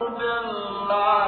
بالله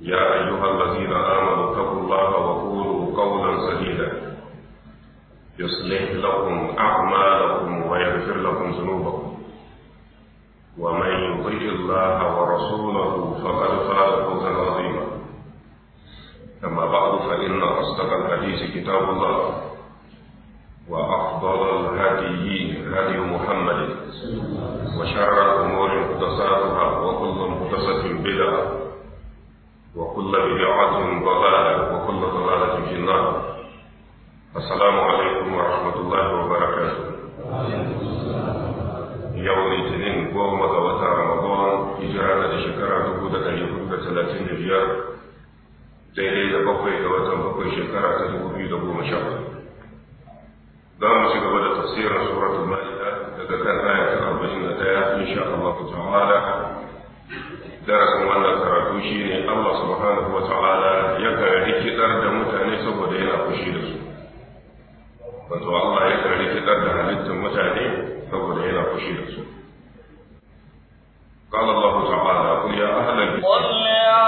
يا أيها الذين آمنوا اتقوا الله وقولوا قولا سديدا يصلح لكم أعمالكم ويغفر لكم ذنوبكم ومن يطع الله ورسوله فقد فاز فوزا عظيما أما بعد فإن أصدق الحديث كتاب الله وأفضل الهدي هدي محمد وشر الأمور مقتصاتها وكل محدثة بدعة وكل بدعة ضلالة وكل ضلالة في النار السلام عليكم ورحمة الله وبركاته يوم الاثنين قوم غوتا رمضان إجرانا لشكرا تقودة يقود ثلاثين ريال تيلي لبقوي غوتا بقوي شكرا تقود يدبو مشاق دام سيقود تفسير سورة المائدة لقد كان آية الأربعين إن شاء الله تعالى darasin wannan karatu shi ne Allah subhanahu wa ta'ala ya gari rikidar da mutane saboda yana fushi da su wato Allah ya gari rikidar da halittun mutane saboda yana fushi da su قال الله تعالى ya يا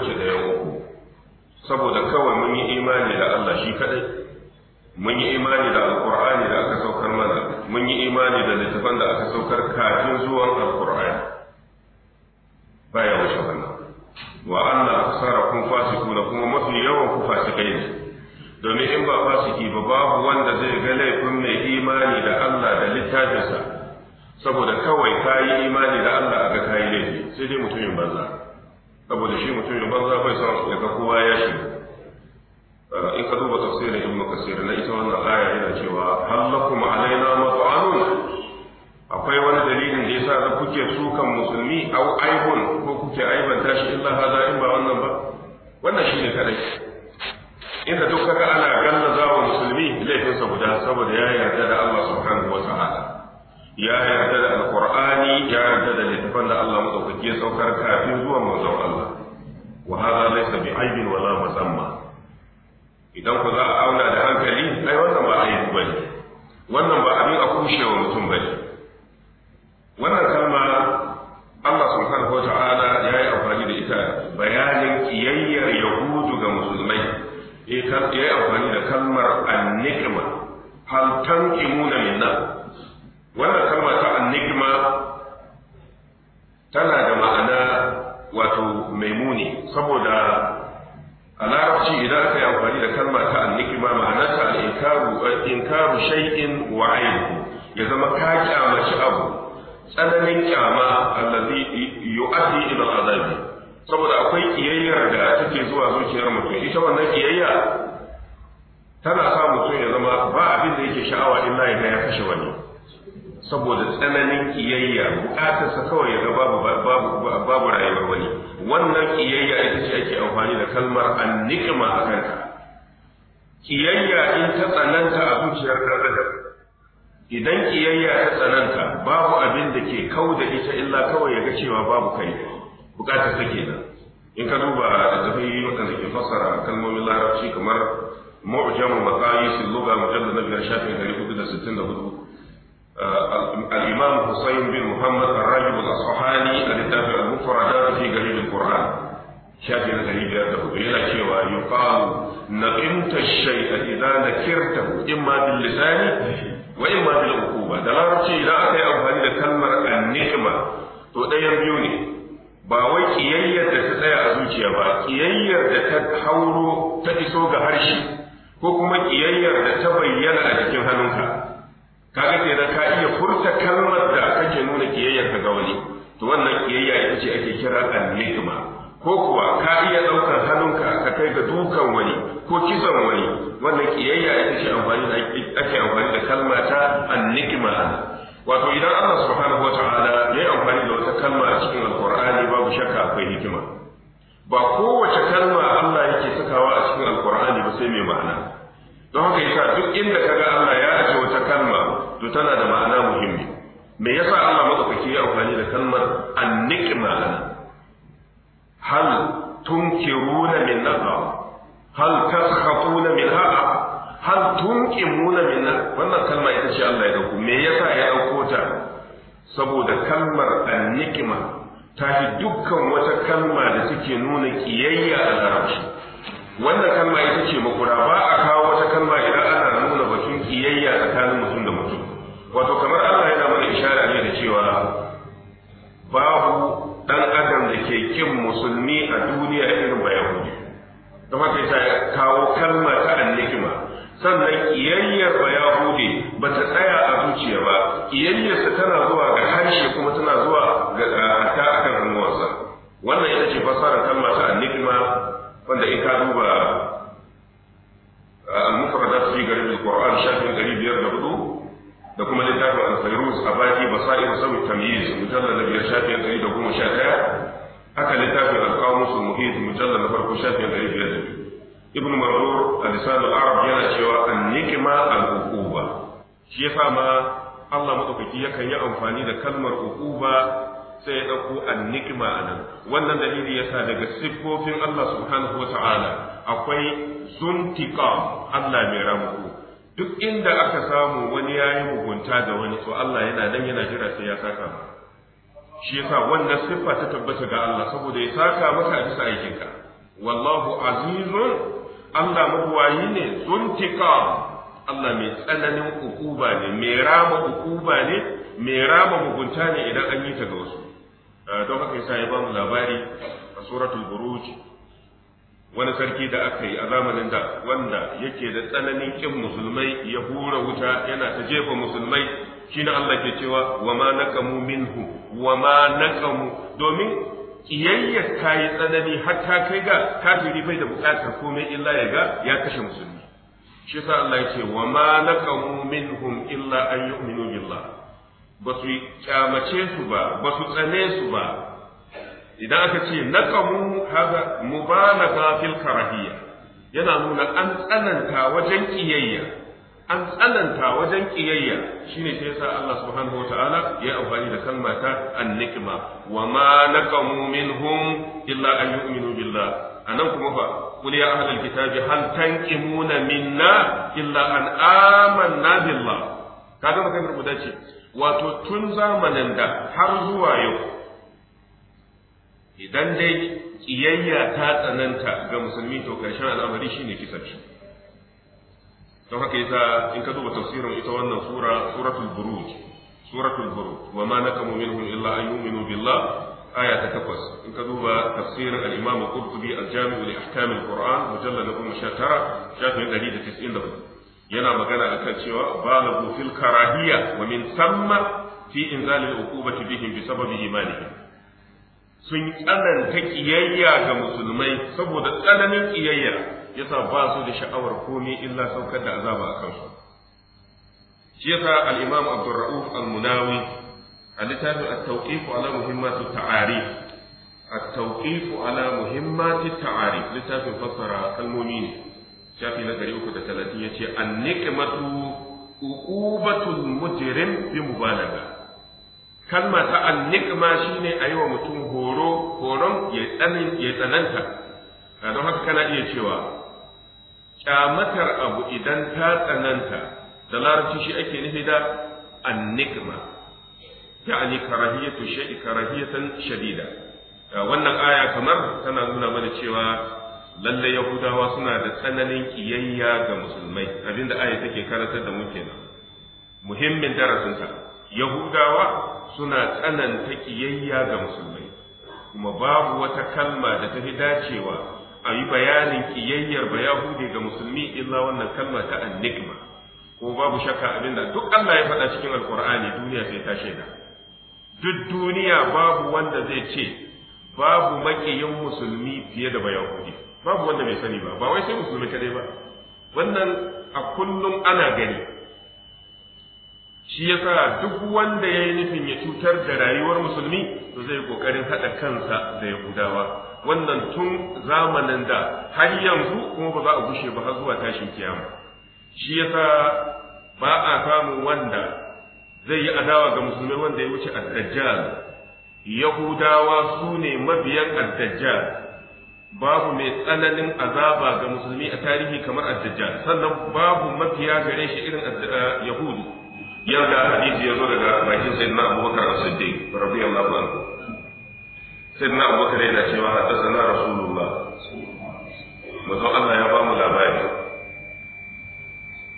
wuce da yan uku saboda kawai mun yi imani da Allah shi kadai mun yi imani da alkur'ani da aka saukar mana mun yi imani da littafan da aka saukar kafin zuwan alqur'ani baya wuce wannan wa anna fasiku da kuma mafi yawan ku fasikai ne domin in ba fasiki ba babu wanda zai ga laifin mai imani da Allah da littafinsa saboda kawai kayi imani da Allah a ga kayi laifi sai dai mutumin banza saboda shi mutum mutumin banza bai san ya ga kowa ya shiga eh, in ka duba tafsirin ibnu kasir na ita wannan aya yana cewa hallakum alaina mat'anun akwai wani dalilin da yasa da kuke sukan musulmi au aibun ko kuke aibanta tashi illa hada in ba wannan ba wannan shine kadai inda duk kaga ana gallaza wa musulmi laifinsa guda saboda ya yarda da Allah subhanahu wa ta'ala ya yarda da alqur'ani ya yarda da littafan da Allah madaukaki ya saukar kafin zuwa manzon Allah wa hada laysa bi aibin wala musamma idan ku za a auna da hankali ai wannan ba aibi bane wannan ba abin a kushewa mutum bane wannan kalma Allah subhanahu wa ta'ala ya yi amfani da ita bayanin kiyayyar yahudu ga musulmai eh, ya yi amfani da kalmar annikma hal tanqimuna minna wannan saboda a larabci idan aka yi amfani da kalma ta al-nikma ma'anarta al-inkaru inkaru shay'in wa ya zama ka shi abu tsananin kyama allazi yu'addi ila azabi saboda akwai kiyayyar da take zuwa zuciyar mutum ita wannan kiyayya tana sa mutum ya zama ba abin da yake sha'awa illa idan ya kashe wani saboda tsananin kiyayya bukatarsa kawai ya ga babu babu rayuwar wani wannan kiyayya ita ce ake amfani da kalmar annikima a kanta kiyayya in ta tsananta a zuciyar dan adam idan kiyayya ta tsananta babu abin da ke kau da ita illa kawai ya ga cewa babu kai bukatar ta kenan in ka duba da tafi da ke fassara kalmomin larabci kamar mu'jamu al lugha mujallad na biyar shafin 464 الإمام حسين بن محمد الراجب الأصفهاني الكتاب المفردات في قريب القرآن شافي الغريب يده إلى شوى يقال نقمت الشيء إذا نكرته إما باللسان وإما بالعقوبة ده لا رأسي إذا أتي أبهاني كلمة النعمة to ɗayan biyu ne ba wai ƙiyayyar da ta tsaya a zuciya ba ƙiyayyar da ta hauro ta iso ga harshe ko kuma ƙiyayyar da ta bayyana a cikin hannunka kaga kenan ka iya furta kalmar da kake nuna kiyayyarka ga wani to wannan kiyayya ita ce ake kira al-nikma ko kuwa ka iya daukar hannunka ka kai ga dukan wani ko kisan wani wannan kiyayya ita ce amfani da ake amfani da kalma ta al-nikma wato idan Allah subhanahu wata'ala ya yi amfani da wata kalma a cikin alqur'ani babu shakka akwai hikima ba kowace kalma Allah yake sakawa a cikin alqur'ani ba sai mai ma'ana don haka yasa duk inda kaga Allah ya ce wata kalma to tana da ma'ana muhimmi me yasa Allah madaukaki ya amfani da kalmar an-niqma hal tunkiruna min nadha hal taskhatuna min ha'a hal tunkimuna min wannan kalma ita ce Allah ya dauko me yasa ya dauko ta saboda kalmar an-niqma ta dukkan wata kalma da take nuna kiyayya a larabci wannan kalma ita ce makura ba a kawo wata kalma idan ana nuna batun kiyayya tsakanin mutum da mutum wato kamar Allah yana mana ishara ne da cewa babu dan adam da ke kin musulmi a duniya irin ba yahudi da haka ta kawo kalma ta annikima sannan kiyayyar ba yahudi ba ta tsaya a zuciya ba sa tana zuwa ga harshe kuma tana zuwa ga ta akan hannuwarsa wannan ita ce fasara kalma ta annikima wanda in ka duba da kuma littafin al-fayruz a baki basairu sabu tamyiz mujallal na biyar shafin ɗari da goma sha ɗaya haka littafin al-qamus al-muhit mujallal na farko shafin ɗari biyar da biyu ibn mardur al-lisan al-arab yana cewa an-nikma al-uquba shi yasa ma Allah madaukaki yakan yi amfani da kalmar uquba sai ya ɗauko annikima a nan wannan dalili yasa daga siffofin Allah subhanahu wa ta'ala akwai zuntiqam Allah mai ramu duk inda aka samu wani ya yi mugunta ga wani to Allah yana nan yana jira sai ya saka ma shi yasa wannan siffa ta tabbata ga Allah saboda ya saka maka a bisa aikinka wallahu azizun Allah mabuwayi ne zuntika Allah mai tsananin ukuba ne mai rama ukuba ne mai rama mugunta ne idan an yi ta ga wasu ah, don haka yasa ya bamu labari a suratul buruj wani sarki da aka yi a zamanin da wanda yake da tsananin kin musulmai ya hura wuta yana ta jefa musulmai shi na Allah ke cewa wa ma nakamu minhu wa ma nakamu domin kiyayya ta yi tsanani har ta kai ga kafiri bai da bukatar komai illa ya ga ya kashe musulmi shi sa Allah ya ce wa ma nakamu minhum illa an yu'minu billah ba su kyamace su ba basu tsane su ba idan aka ce naqamu haza mubalaga fil karahiyya yana nuna an tsananta wajen kiyayya an tsananta wajen kiyayya shine sai yasa Allah subhanahu wataala ya amfani da kalma ta an-nikma wa ma naqamu minhum illa an yu'minu billah anan kuma fa qul ya ahlal kitabi hal tanqimuna minna illa an amanna billah kaga maganar guda ce wato tun zamanin da har zuwa yau idan dai kiyayya ta tsananta ga musulmi to karshen al'amari shine kisan shi don haka yasa in ka duba tafsirin ita wannan sura suratul buruj suratul buruj wa ma nakamu minhum illa an yu'minu billah aya ta takwas in ka duba tafsirin al-imam qurtubi al-jami' li ahkam al-qur'an mujallad 19 shafin 194 yana magana akan cewa balagu fil wa min thamma fi inzal al-uqubati bihim bi sababi imanihim sun tsananta kiyayya ga musulmai saboda tsananin kiyayya yasa ba su da sha'awar komai illa saukar da azaba a kansu shi yasa al-imam Abdurra'uf al-Munawi a littafin at-tawqif ala muhimmatu ta'arif at-tawqif ala muhimmati ta'arif littafin fassara kalmomi ne shafi na 330 yace an-nikmatu uqubatul mujrim bi mubalagha kalma ta al-nikma shine a yi wa mutum horo horon ya tsanin ya tsananta don haka kana iya cewa kyamatar abu idan ta tsananta da larabci shi ake nufi da al-nikma ya'ani karahiyatu shay'i karahiyatan shadida wannan aya kamar tana nuna mana cewa lalle yahudawa suna da tsananin kiyayya ga musulmai abinda aya take karantar da mu kenan muhimmin darasinsa yahudawa suna tsananta kiyayya ga musulmai kuma babu wata kalma da ta fi dacewa a yi bayanin kiyayyar ba hude ga musulmi illa wannan kalma ta annigma ko babu shakka abinda duk Allah ya faɗa cikin alkur'ani duniya sai ta shaida duk duniya babu wanda zai ce babu makiyin musulmi fiye da ba babu wanda bai sani ba ba wai sai musulmi kadai ba wannan a kullum ana gani shi ya sa duk wanda ya yi nufin ya cutar da rayuwar musulmi to zai kokarin haɗa kansa da yahudawa wannan tun zamanin da har yanzu kuma ba za a gushe ba har zuwa tashin kiyama shi ya sa ba a samun wanda zai yi adawa ga musulmai wanda ya wuce addajjal yahudawa su ne mabiyan addajjal babu mai tsananin azaba ga musulmi a tarihi kamar addajjal sannan babu mafiya gare shi irin yahudu yadda hadisi ya zo daga bakin na abubakar as-siddiq radiyallahu anhu sayyidina abubakar yana cewa haddathana rasulullah manzo Allah ya bamu labari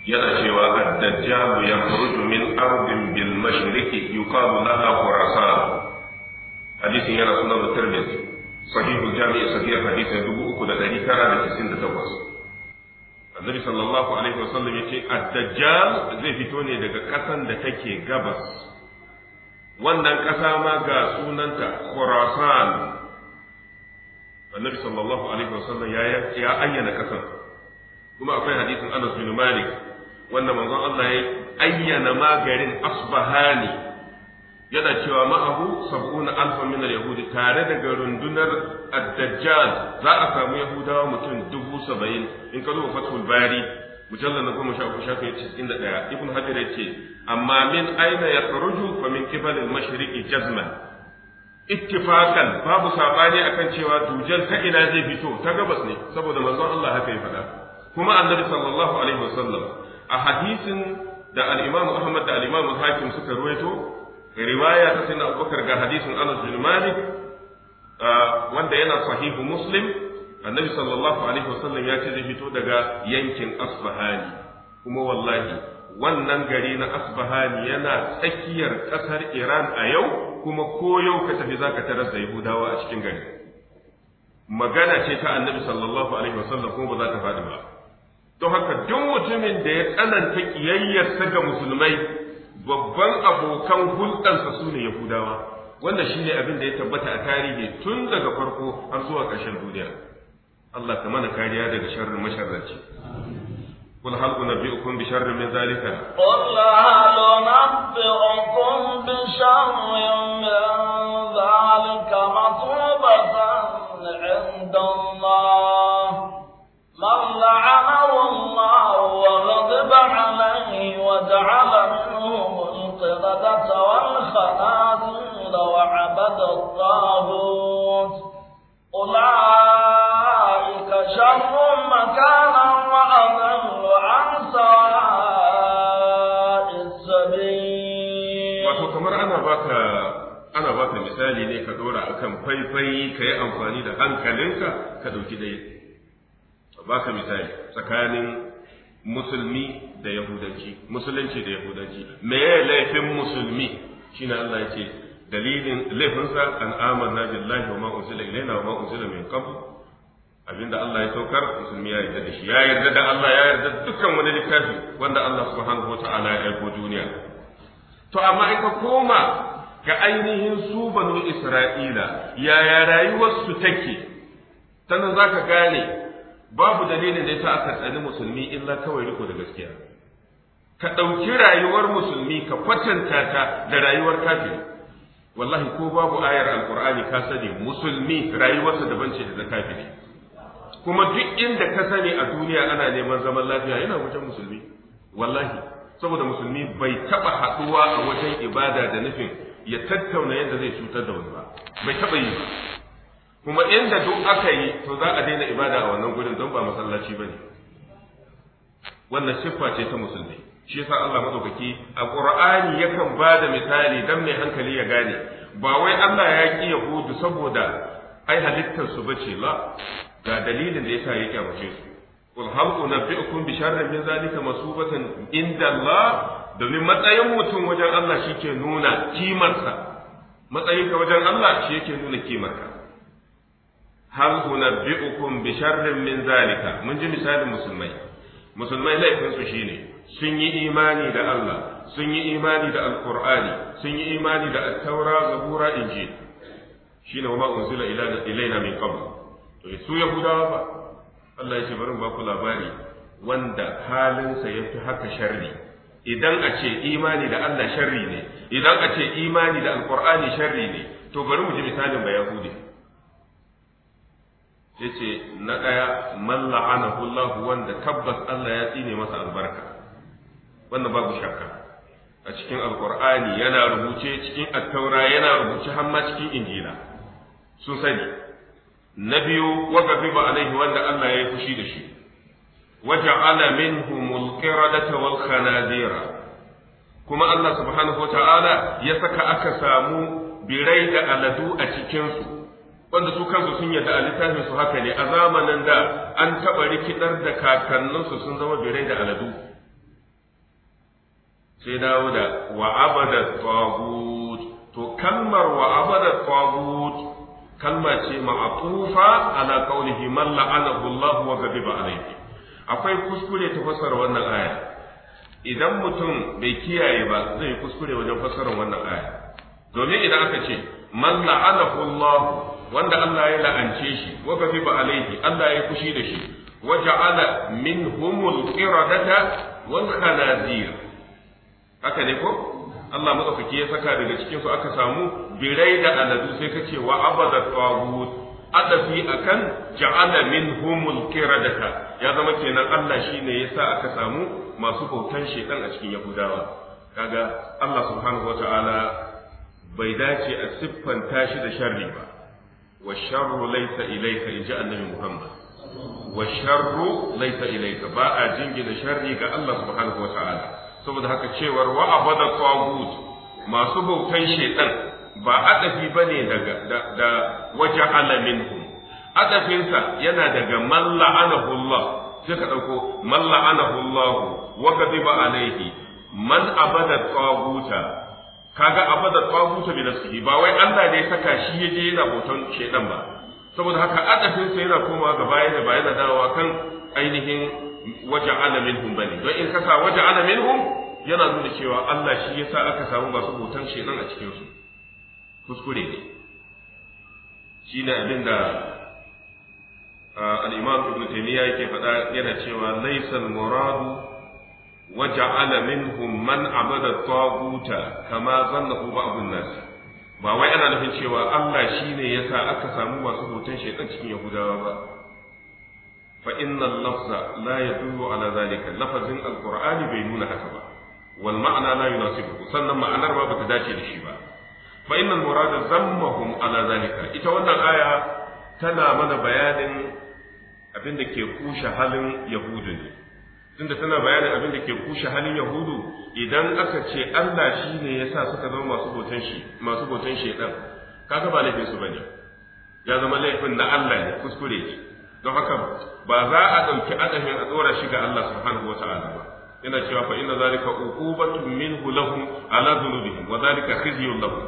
yana cewa ad-dajjal yakhruju min ardin bil mashriqi yuqalu laha khurasan hadisin yana sunan tirmidhi sahihul jami'i sahih hadisi 3998 annabi sallallahu alaihi wasallam yace ad-dajjal zai fito ne daga kasan da take gabas wannan kasa ma ga sunanta Khurasan annabi sallallahu alaihi wasallam ya ya ayyana kasan kuma akwai hadisin Anas bin Malik wanda manzon Allah ya ayyana ma garin Asbahani yana cewa ma'ahu sab'una alfa min yahudi tare daga rundunar ad-dajjal za a samu yahudawa mutum dubu saba'in in ka zo fathul bari mujallal na goma sha uku cikin da ɗaya ibn hajar ya ce amma min aina ya faruju fa min kibal al jazman ittifaqan babu sabani akan cewa dujal ta ina zai fito ta gabas ne saboda manzon Allah haka ya faɗa kuma annabi sallallahu alaihi wasallam a hadisin da al-imam Ahmad da al-imam Hakim suka ruwaito riwaya ta sayyidina abubakar ga hadisin anas bin malik uh, wanda yana sahihu muslim annabi sallallahu alaihi wasallam ya ce zai fito daga yankin asbahani kuma wallahi wannan gari na asbahani yana tsakiyar kasar iran a yau kuma ko yau ka tafi zaka tarar da yahudawa a cikin gari magana ce ta annabi sallallahu alaihi wasallam kuma ba za ta faɗi ba don haka duk mutumin da ya tsananta kiyayyarsa ga musulmai babban abokan hulɗansa su ne yahudawa wannan shi ne abin da ya tabbata a tarihi tun daga farko har zuwa ƙarshen duniya Allah ta mana kariya daga sharrin masharraci قل هل أنبئكم بشر من ذلك؟ قل هل أنبئكم بشر من ذلك مطلوبة عند الله من لعنه الله وغضب عليه وجعل منه القردة والخنازير وعبد الطاغوت أولئك شر مكانا وأضل عن سواء السبيل وتكمر أنا بك ana baka misali ne ka dora akan faifai ka yi amfani da hankalinka ka baka misali tsakanin musulmi da yahudanci musulunci da yahudanci me ya laifin musulmi shi shine Allah ya ce dalilin laifinsa an na billahi wa ma unzila ilaina wa ma unzila min qabl abinda Allah ya saukar musulmi ya yarda da shi ya yarda da Allah ya yarda dukkan wani littafi wanda Allah subhanahu wa ta'ala ya aiko duniya to amma in ka koma ga ainihin su banu Isra'ila yaya rayuwarsu take ta nan za ka gane babu dalilin da ya sa aka tsani musulmi illa kawai riko da gaskiya ka ɗauki rayuwar musulmi ka kwatanta ta da rayuwar kafiri wallahi ko babu ayar alkur'ani ka sani musulmi rayuwarsa daban ce da kafiri kuma duk inda ka sani a duniya ana neman zaman lafiya yana wajen musulmi wallahi saboda musulmi bai taɓa haɗuwa a wajen ibada da nufin ya tattauna yadda zai cutar da wani ba bai taɓa yi kuma inda duk aka yi to za a daina ibada a wannan gurin don ba masallaci ba ne wannan siffa ce ta musulmi shi yasa Allah madaukaki a Qur'ani yakan ba da misali dan mai hankali ya gane ba wai Allah ya ki Yahudu saboda ai halittar su bace la ga dalilin da yasa ya kyamace su qul hal unabbi'ukum bi sharrin min zalika masubatan inda Allah domin matsayin mutum wajen Allah shike nuna kimarsa matsayin ka wajen Allah shi yake nuna kimarka hal unabbi'ukum bi sharrin min zalika mun ji misalin musulmai musulmai laifin su shine sun yi imani da Allah sun yi imani da alqur'ani sun yi imani da at-taura zabura injil shi ne ma unzila ilaina min qabl to su yahudawa ba Allah ya ce bari ba ku labari wanda halinsa ya fi haka sharri idan a ce imani da Allah sharri ne idan a ce imani da alqur'ani sharri ne to bari mu ji misalin ba yahudi yace na daya man la'anahu Allah wanda tabbas Allah ya tsine masa albarka wannan babu shakka a cikin alkur'ani yana rubuce cikin attaura yana rubuce hamma cikin injila sun sani na biyu wa gafiba alaihi wanda Allah ya yi fushi da shi wa ja'ala minhumul qiradata wal khanazira kuma Allah subhanahu ta'ala ya saka aka samu birai da aladu a cikinsu wanda su kansu sun yadda a littafin su haka ne a zamanin da an taɓa rikidar da kakanninsu sun zama birai da aladu sai dawo da wa abada to kalmar wa abada kalma ce ma'atufa ala qawlihi man la'ana Allah wa ghadiba alayhi akwai kuskure ta fasara wannan aya idan mutum bai kiyaye ba zai kuskure wajen fasara wannan aya domin idan aka ce man la'ana Allah wanda Allah ya la'ance shi wa ghadiba alayhi Allah ya kushi da shi وجعل منهم القردة والخنازير haka ne ko Allah madaukaki ya saka daga cikin su aka samu birai da aladu sai ka ce wa abada tawgut adafi akan ja'ala minhumul qiradata ya zama kenan Allah shine yasa aka samu masu bautan shedan a cikin yahudawa kaga Allah subhanahu wataala bai dace a siffan tashi da sharri ba wa laisa laysa in ji annabi Muhammad wa sharru laysa ba a jingina sharri ga Allah subhanahu wataala saboda haka cewar wa abada tagut masu bautan shaitan ba adafi bane daga da wajen alamin adafinsa yana daga man la'anahu sai ka dauko man la'anahu wa kadiba alaihi man abada taguta kaga abada taguta bi nafsihi ba wai Allah ne ya saka shi yaje yana bautan shaitan ba saboda haka adafinsa yana komawa ga baya da baya kan ainihin waja'ala minhum bani don in kasa waja'ala minhum yana nuna cewa Allah shi yasa aka samu masu hoton shedan a cikin su kuskure ne shi ne abin da al-Imam Ibn Taymiyyah yake faɗa yana cewa laysal muradu waja'ala minhum man abada taguta kama zannahu ba'd an-nas ba wai ana nufin cewa Allah shine yasa aka samu masu hoton shedan cikin Yahudawa ba fa inna lafza la yadullu ala zalika lafazin alqur'ani bai nuna haka ba wal ma'ana la yunasibu sannan ma'anar ba ba ta dace da shi ba fa inna murada zammahum ala zalika ita wannan aya tana mana bayanin abin da ke kushe halin yahudu ne tunda tana bayanin abin da ke kushe halin yahudu idan aka ce Allah shi shine yasa suka zama masu botan shi masu botan shedan ba laifin bane ya zama laifin na Allah ne kuskure ne don haka ba za a ɗauki adamin a tsora shi ga Allah subhanahu wa ta'ala ba ina cewa fa inna zalika uqubatun minhu lahum ala dhunubihim wa zalika khizyun lahum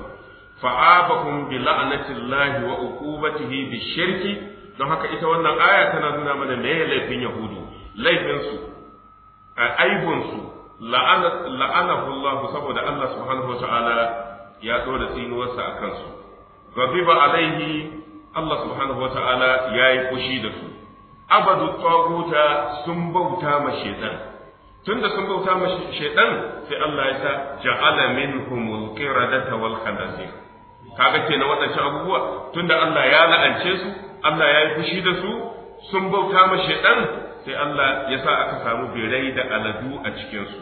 fa abakum bi la'natillahi wa uqubatihi bi shirki don haka ita wannan aya tana nuna mana me laifin yahudu laifin su aibun su la'anahu Allah saboda Allah subhanahu wa ta'ala ya tsora tsinuwarsa akan su ghadiba alaihi Allah subhanahu wa ta'ala ya yi fushi da su abadu tsaguta sun bauta ma shaitan tun da sun bauta ma shaitan sai Allah ya sa ja'ala minhumul qiradata wal khanazir kaga na waɗancan abubuwa tun da Allah ya la'ance su Allah ya yi fushi da su sun bauta ma shaitan sai Allah ya sa aka samu birai da aladu a cikin su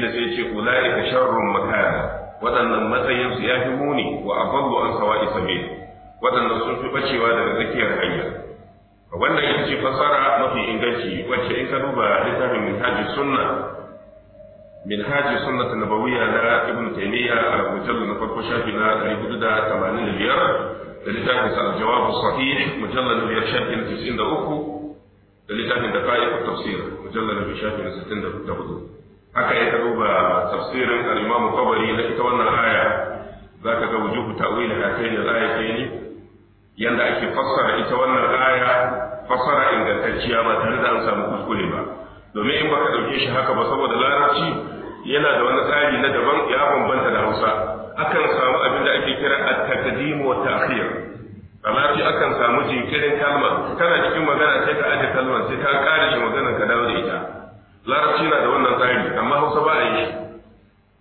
da sai ya ce ulaika sharrun makara, waɗannan matsayin su ya fi muni wa aballu an sawa'i sabil waɗanda sun fi ɓacewa daga tsakiyar hanya wannan ita ce fasara mafi inganci wacce in ka duba littafin minhaji sunna minhaji sunna ta nabawiyya na ibn taymiya a mujallar na farko shafi na ɗari hudu da tamanin da biyar da littafin sa jawabu sahih mujallar na biyar shafi na tisin da uku da littafin da ka'i ko tafsir mujallar na biyar shafi na sittin da hudu haka ya ka duba tafsirin al-imamu qabari na ita wannan aya Za ka ga wujuhu ta'wil hakaini al-ayataini yanda ake fassara ita wannan aya fassara ingantacciya ba tare da an samu kuskure ba domin in baka dauke shi haka ba saboda larabci yana da wani tsari na daban ya bambanta da Hausa akan samu abin da ake kira at-taqdim wa ta'khir a larabci akan samu jinkirin kalma kana cikin magana sai ka aje kalmar sai ka kare shi maganar ka dawo da ita larabci na da wannan tsari amma Hausa ba a yi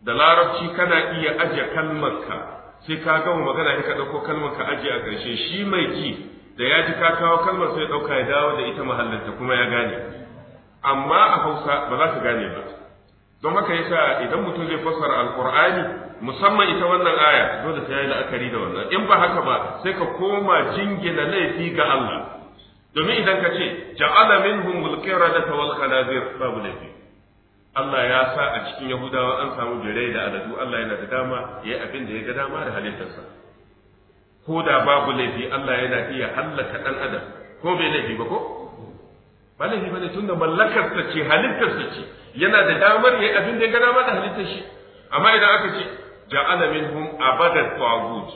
da larabci kana iya aje kalmarka. ka sai ka gama magana in ka ɗauko kalmar ka ajiye a karshe shi mai ji da ya ji ka kawo kalmar sai ɗauka ya dawo da ita mahallarta kuma ya gane amma a hausa ba za ka gane ba don haka yasa idan mutum zai fassara alkur'ani musamman ita wannan aya dole sai yayi la'akari da wannan in ba haka ba sai ka koma jingina laifi ga Allah domin idan ka ce ja'ala minhum ta wal khanazir babu laifi Allah ya sa a cikin Yahudawa an samu jirai da aladu Allah yana da dama yayi abin da ya ga dama da halittarsa ko da babu laifi Allah yana iya hallaka ɗan adam ko bai laifi ba ko ba laifi ba tun tunda mallakarsa ce halittarsa ce yana da damar ya abin da ya ga dama da halittar shi amma idan aka ce ja'ala minhum abadat tawagut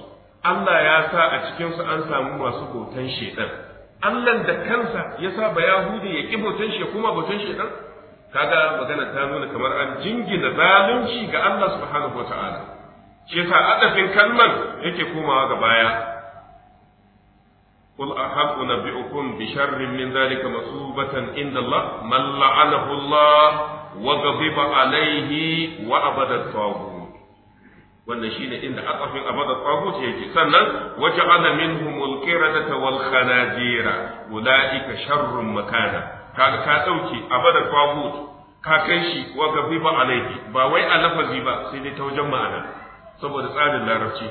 Allah ya sa a cikin su an samu masu hoton shedan Allah da kansa ya sa ba Yahudi ya ki hoton shi kuma hoton shedan kaga magana ta nuna kamar an jingina zalunci ga Allah subhanahu wata'ala shi yasa adafin kalman yake komawa ga baya قل أحب أنبئكم بشر من ذلك مصوبة عند الله من لعنه الله وغضب عليه وأبد الطاغوت wannan shine inda aqafin abada tagut yake sannan waja'ala minhum al-qiradata wal khanajira ulaika sharrun makana kaga ka dauke abada tagut ka kai shi wa gafifa alaihi ba wai a lafazi ba sai dai ta wajen ma'ana saboda tsarin larabci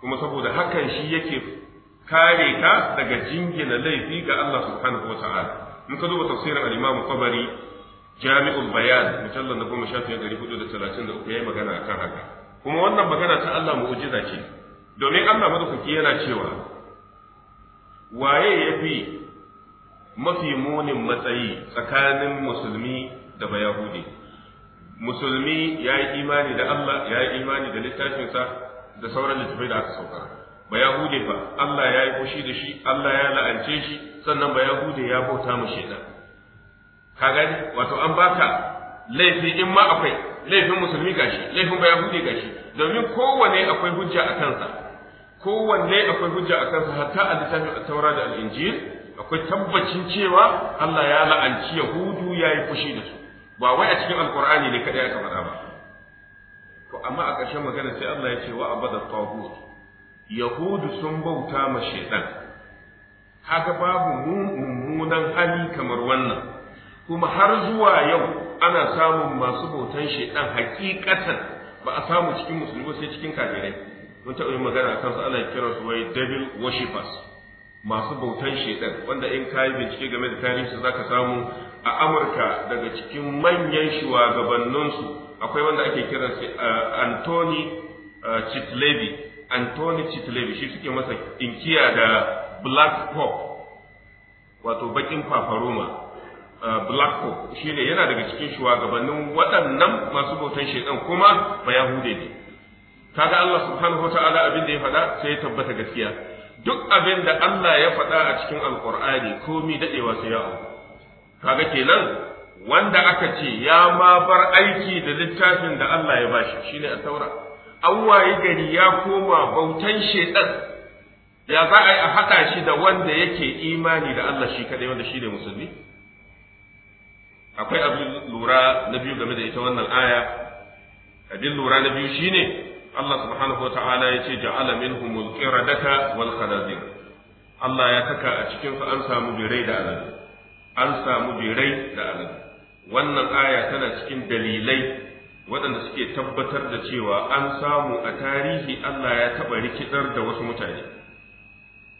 kuma saboda hakan shi yake kare ka daga jingina laifi ga Allah subhanahu wata'ala in ka duba tafsirin al-Imam Tabari Jami'ul Bayan mutallan na goma shafi ɗari hudu da talatin da uku ya yi magana a kan haka kuma wannan magana ta Allah mu'ujiza ce domin Allah madaukaki yana cewa waye ya fi mafi munin matsayi tsakanin musulmi da bayahudi musulmi ya yi imani da Allah ya yi imani da littafinsa da sauran littafai da aka sauka ba yahude ba Allah ya yi fushi da shi Allah ya la'ance shi sannan ba yahude ya bauta mu shedan ka gani wato an baka laifi in ma akwai laifin musulmi gashi laifin ba yahude gashi domin kowanne akwai hujja a kansa kowanne akwai hujja a kansa hatta a littafin taurari taura da al-injil akwai tabbacin cewa Allah ya la'anci Yahudu ya yi fushi da su ba wai a cikin alkur'ani ne kadai aka faɗa ba to amma a ƙarshen magana sai Allah ya ce wa abada tawhid yahudu sun bauta ma shaytan haka babu mummunan hali kamar wannan kuma har zuwa yau ana samun masu bautan shaytan hakikatan ba a samu cikin musulmi sai cikin kafirai mun taɓa yin magana kan su ana kiransu wai devil worshippers masu bautan shedan wanda in kayi bincike game da tarihinsu ka samu a Amurka daga cikin manyan shugabanninsu akwai wanda ake kira shi uh, Anthony uh, Chitlevi Anthony Chitlevi shi suke masa inkiya da Black Pop, wato bakin fafaroma uh, Black Pop shi ne yana daga cikin shugabannin waɗannan masu bautan shedan kuma ba Yahude ne kaga Allah subhanahu wa ta'ala abin da ya faɗa sai ya tabbata gaskiya duk abin da Allah ya faɗa a cikin alkur'ani komi daɗewa sai ya auku kaga kenan wanda aka ce ya ma bar aiki da littafin da Allah ya bashi shine a taura an wayi gari ya koma bautan shedan ya za a yi a haɗa shi da wanda yake imani da Allah shi kaɗai wanda shi ne musulmi akwai abin lura na biyu game da ita wannan aya abin lura na biyu shine Allah subhanahu wa ta'ala ya ce ja'ala minhumul daka, wal khanazir Allah ya saka a cikinsu an samu birai da aladu an samu birai da aladu wannan aya tana cikin dalilai waɗanda suke tabbatar da cewa an samu a tarihi Allah ya taɓa rikidar da wasu mutane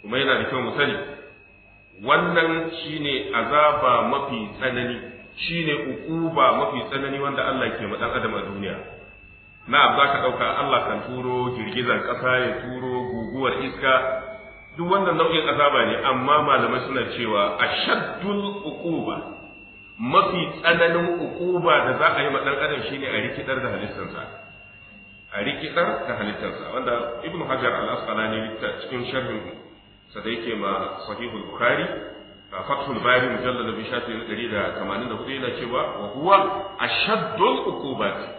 kuma yana da kyau mu sani wannan shine azaba mafi tsanani shine ukuba mafi tsanani wanda Allah ke ma dan adam a duniya na'am za ka ɗauka Allah kan turo girgizar ƙasa ya turo guguwar iska duk wannan nau'in azaba ne amma malamai suna cewa shaddun ukuba mafi tsananin ukuba da za a yi ma ɗan shi ne a rikidar da halittarsa a rikidar da halittarsa wanda Ibn hajar al-asqalani cikin sharhin sa da yake ma sahihul bukhari fathul bari mujallad bi shafi 184 yana cewa wa huwa ashaddul ukubati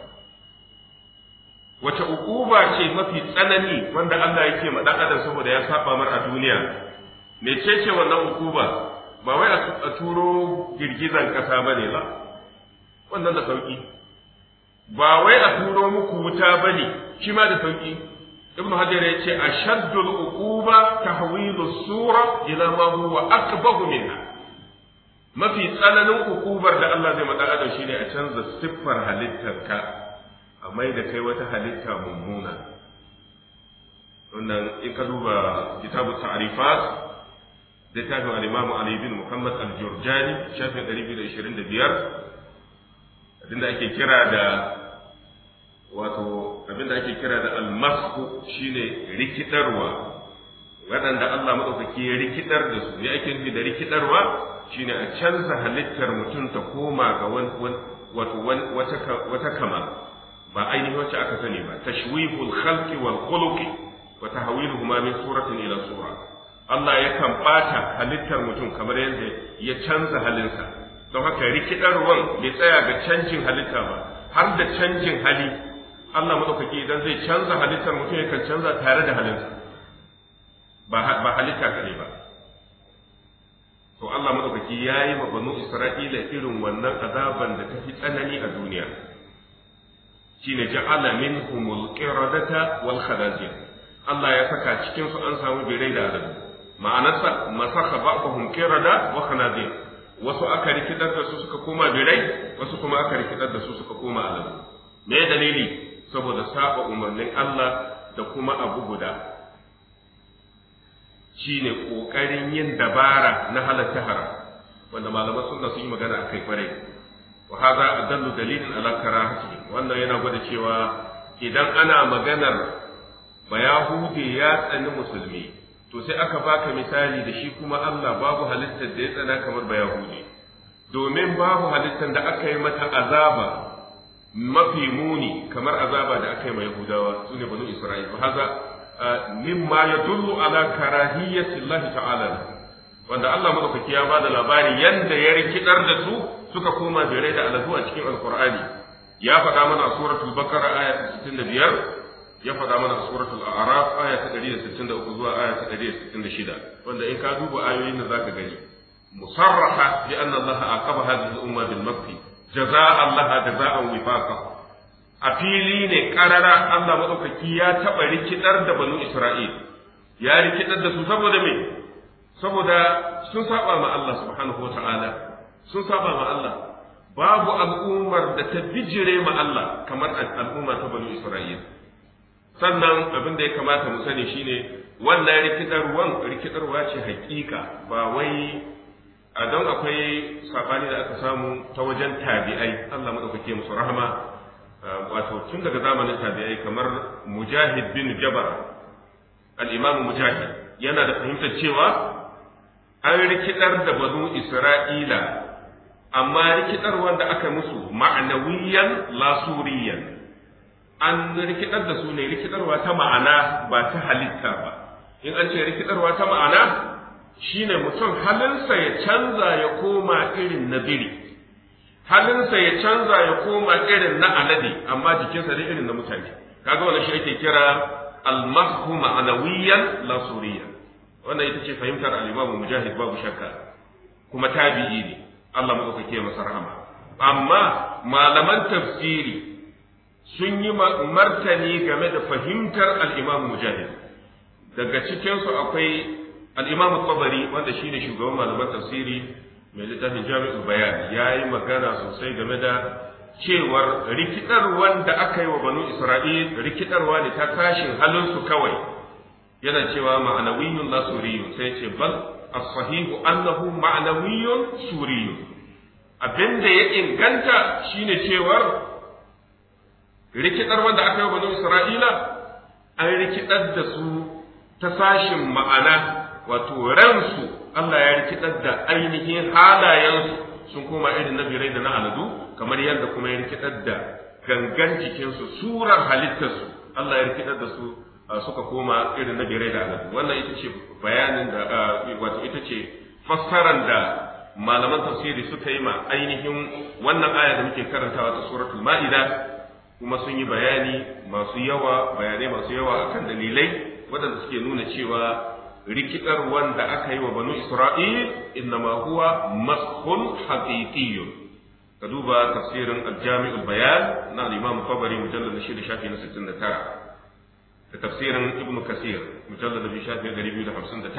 wace ukuba ce mafi tsanani wanda Allah yake ma dan adam saboda ya saba mar a duniya mecece wannan ukuba ba wai a turo girgizan kasa bane ba wannan da sauki ba wai a turo muku wuta bane shi ma da sauki ibnu hajar ya ce ashaddul uquba tahwilu sura ila ma huwa akbahu minha mafi tsananin ukubar da Allah zai ma dan adam shine a canza siffar halittarka a mai da kai wata halitta mummuna wannan in ka duba kitabu ta'rifat littafin al-Imam Ali bin Muhammad al-Jurjani shafin 225 abinda ake kira da wato abinda ake kira da al-masku shine rikidarwa waɗanda Allah maɗaukaki ya rikidar da su ya ake nufi da rikidarwa shine a canza halittar mutum ta koma ga wata kama ba ainihin wacce aka sani ba tashwihul khalqi wal khuluqi wa tahwiluhuma min suratin ila sura Allah yakan bata halittar mutum kamar yadda ya canza halinsa don haka rikidarwan bai tsaya ga canjin halitta ba har da canjin hali Allah madaukaki idan zai canza halittar mutum yakan canza tare da halinsa ba halitta kare ba to Allah madaukaki yayi ma banu Isra'ila irin wannan azaban da tafi tsanani a duniya shine ja'ala minhumul qiradata wal khanazir Allah ya saka cikin su an samu birai da adabu ma'anarsa masakha ba'dhum qirada wa khanazir wasu aka rikidar da su suka koma birai wasu kuma aka rikidar da su suka koma azabi me dalili saboda saba umarnin Allah da kuma abu guda shine kokarin yin dabara na halatta haram wanda malaman sunna sun yi magana akai kwarai wa hadha adallu dalilin ala karahati wannan yana gwada cewa idan ana maganar bayahude ya tsani musulmi to aka baka misali da shi kuma Allah babu halittar da ya tsana kamar bayahude domin babu halittar da aka yi mata azaba mafi muni kamar azaba da aka yi ma yahudawa su ne banu isra'il haza mimma yadullu ala karahiyyati Allah ta'ala wanda Allah madaukaki ya bada labari yadda ya kiɗar da su suka koma birai da aladu a cikin alkur'ani ya faɗa mana a suratul bakara aya ta biyar, ya faɗa mana a suratul a'raf aya ta uku zuwa aya ta shida. wanda in ka duba ayoyin da zaka gani musarraha bi anna allaha aqaba hadhihi al-umma bil makfi jazaa'a allaha jazaa'an wifaqa a fili ne karara Allah maɗaukaki ya taɓa rikidar da banu Isra'il, ya rikidar da su saboda me, saboda sun saba ma Allah subhanahu wa ta'ala, sun saba ma Allah babu al'ummar da ta bijire ma Allah kamar al'umma ta banu Isra'ila sannan abin da ya kamata mu sani shine wannan rikidarwan rikidarwa ce hakika ba wai a don akwai sabani da aka samu ta wajen tabi'ai Allah madaukake musu rahama wato tun daga zamanin tabi'ai kamar mujahid bin jabar al-imam mujahid yana da fahimtar cewa an rikidar da balu isra'ila amma rikidarwar da aka musu ma'anawiyan lasuriyan an rikidar da su ne rikidarwa ta ma'ana ba ta halitta ba in an ce rikidarwa ta ma'ana shine mutum halinsa ya canza ya koma irin na biri halinsa ya canza ya koma irin na alade amma jikinsa da irin na mutane kaga wannan shi ake kira al ma'anawiyan lasuriyan wannan ita ce fahimtar al-imamu mujahid babu shakka kuma tabi'i ne Allah muka ya masa rahama amma malaman tafsiri sun yi martani game da fahimtar al-Imam Mujahid daga cikin su akwai al-Imam Tabari wanda shine shugaban malaman tafsiri mai littafin Jami'ul Bayan yayi magana sosai game da cewar rikidar wanda aka yi wa banu Isra'il rikidarwa ne ta tashin halinsu kawai yana cewa ma'anawiyun nasuriyun sai ce bal as-sahihu annahu ma'nawiyyun suriyyun abinda ya inganta shine cewar rikidar wanda aka yi banu isra'ila an rikidar da su ta sashin ma'ana wato ransu Allah ya rikidar da ainihin halayensu sun koma irin na birai da na aladu kamar yadda kuma ya rikidar da gangan jikinsu surar halittarsu Allah ya rikidar da su suka koma irin na birai da annabi wannan ita ce bayanin da wato ita ce fassarar da malaman tafsiri suka yi ma ainihin wannan aya da muke karantawa ta suratul ma'ida kuma sun yi bayani masu yawa bayanai masu yawa akan dalilai waɗanda suke nuna cewa rikidar wanda aka yi wa banu isra'il ma huwa mashun haqiqiyyun ka duba tafsirin aljami'ul bayan na al-imam tabari mujallal na shafi na 69 da tafsirin ibnu kasir mujallad bi shafi 259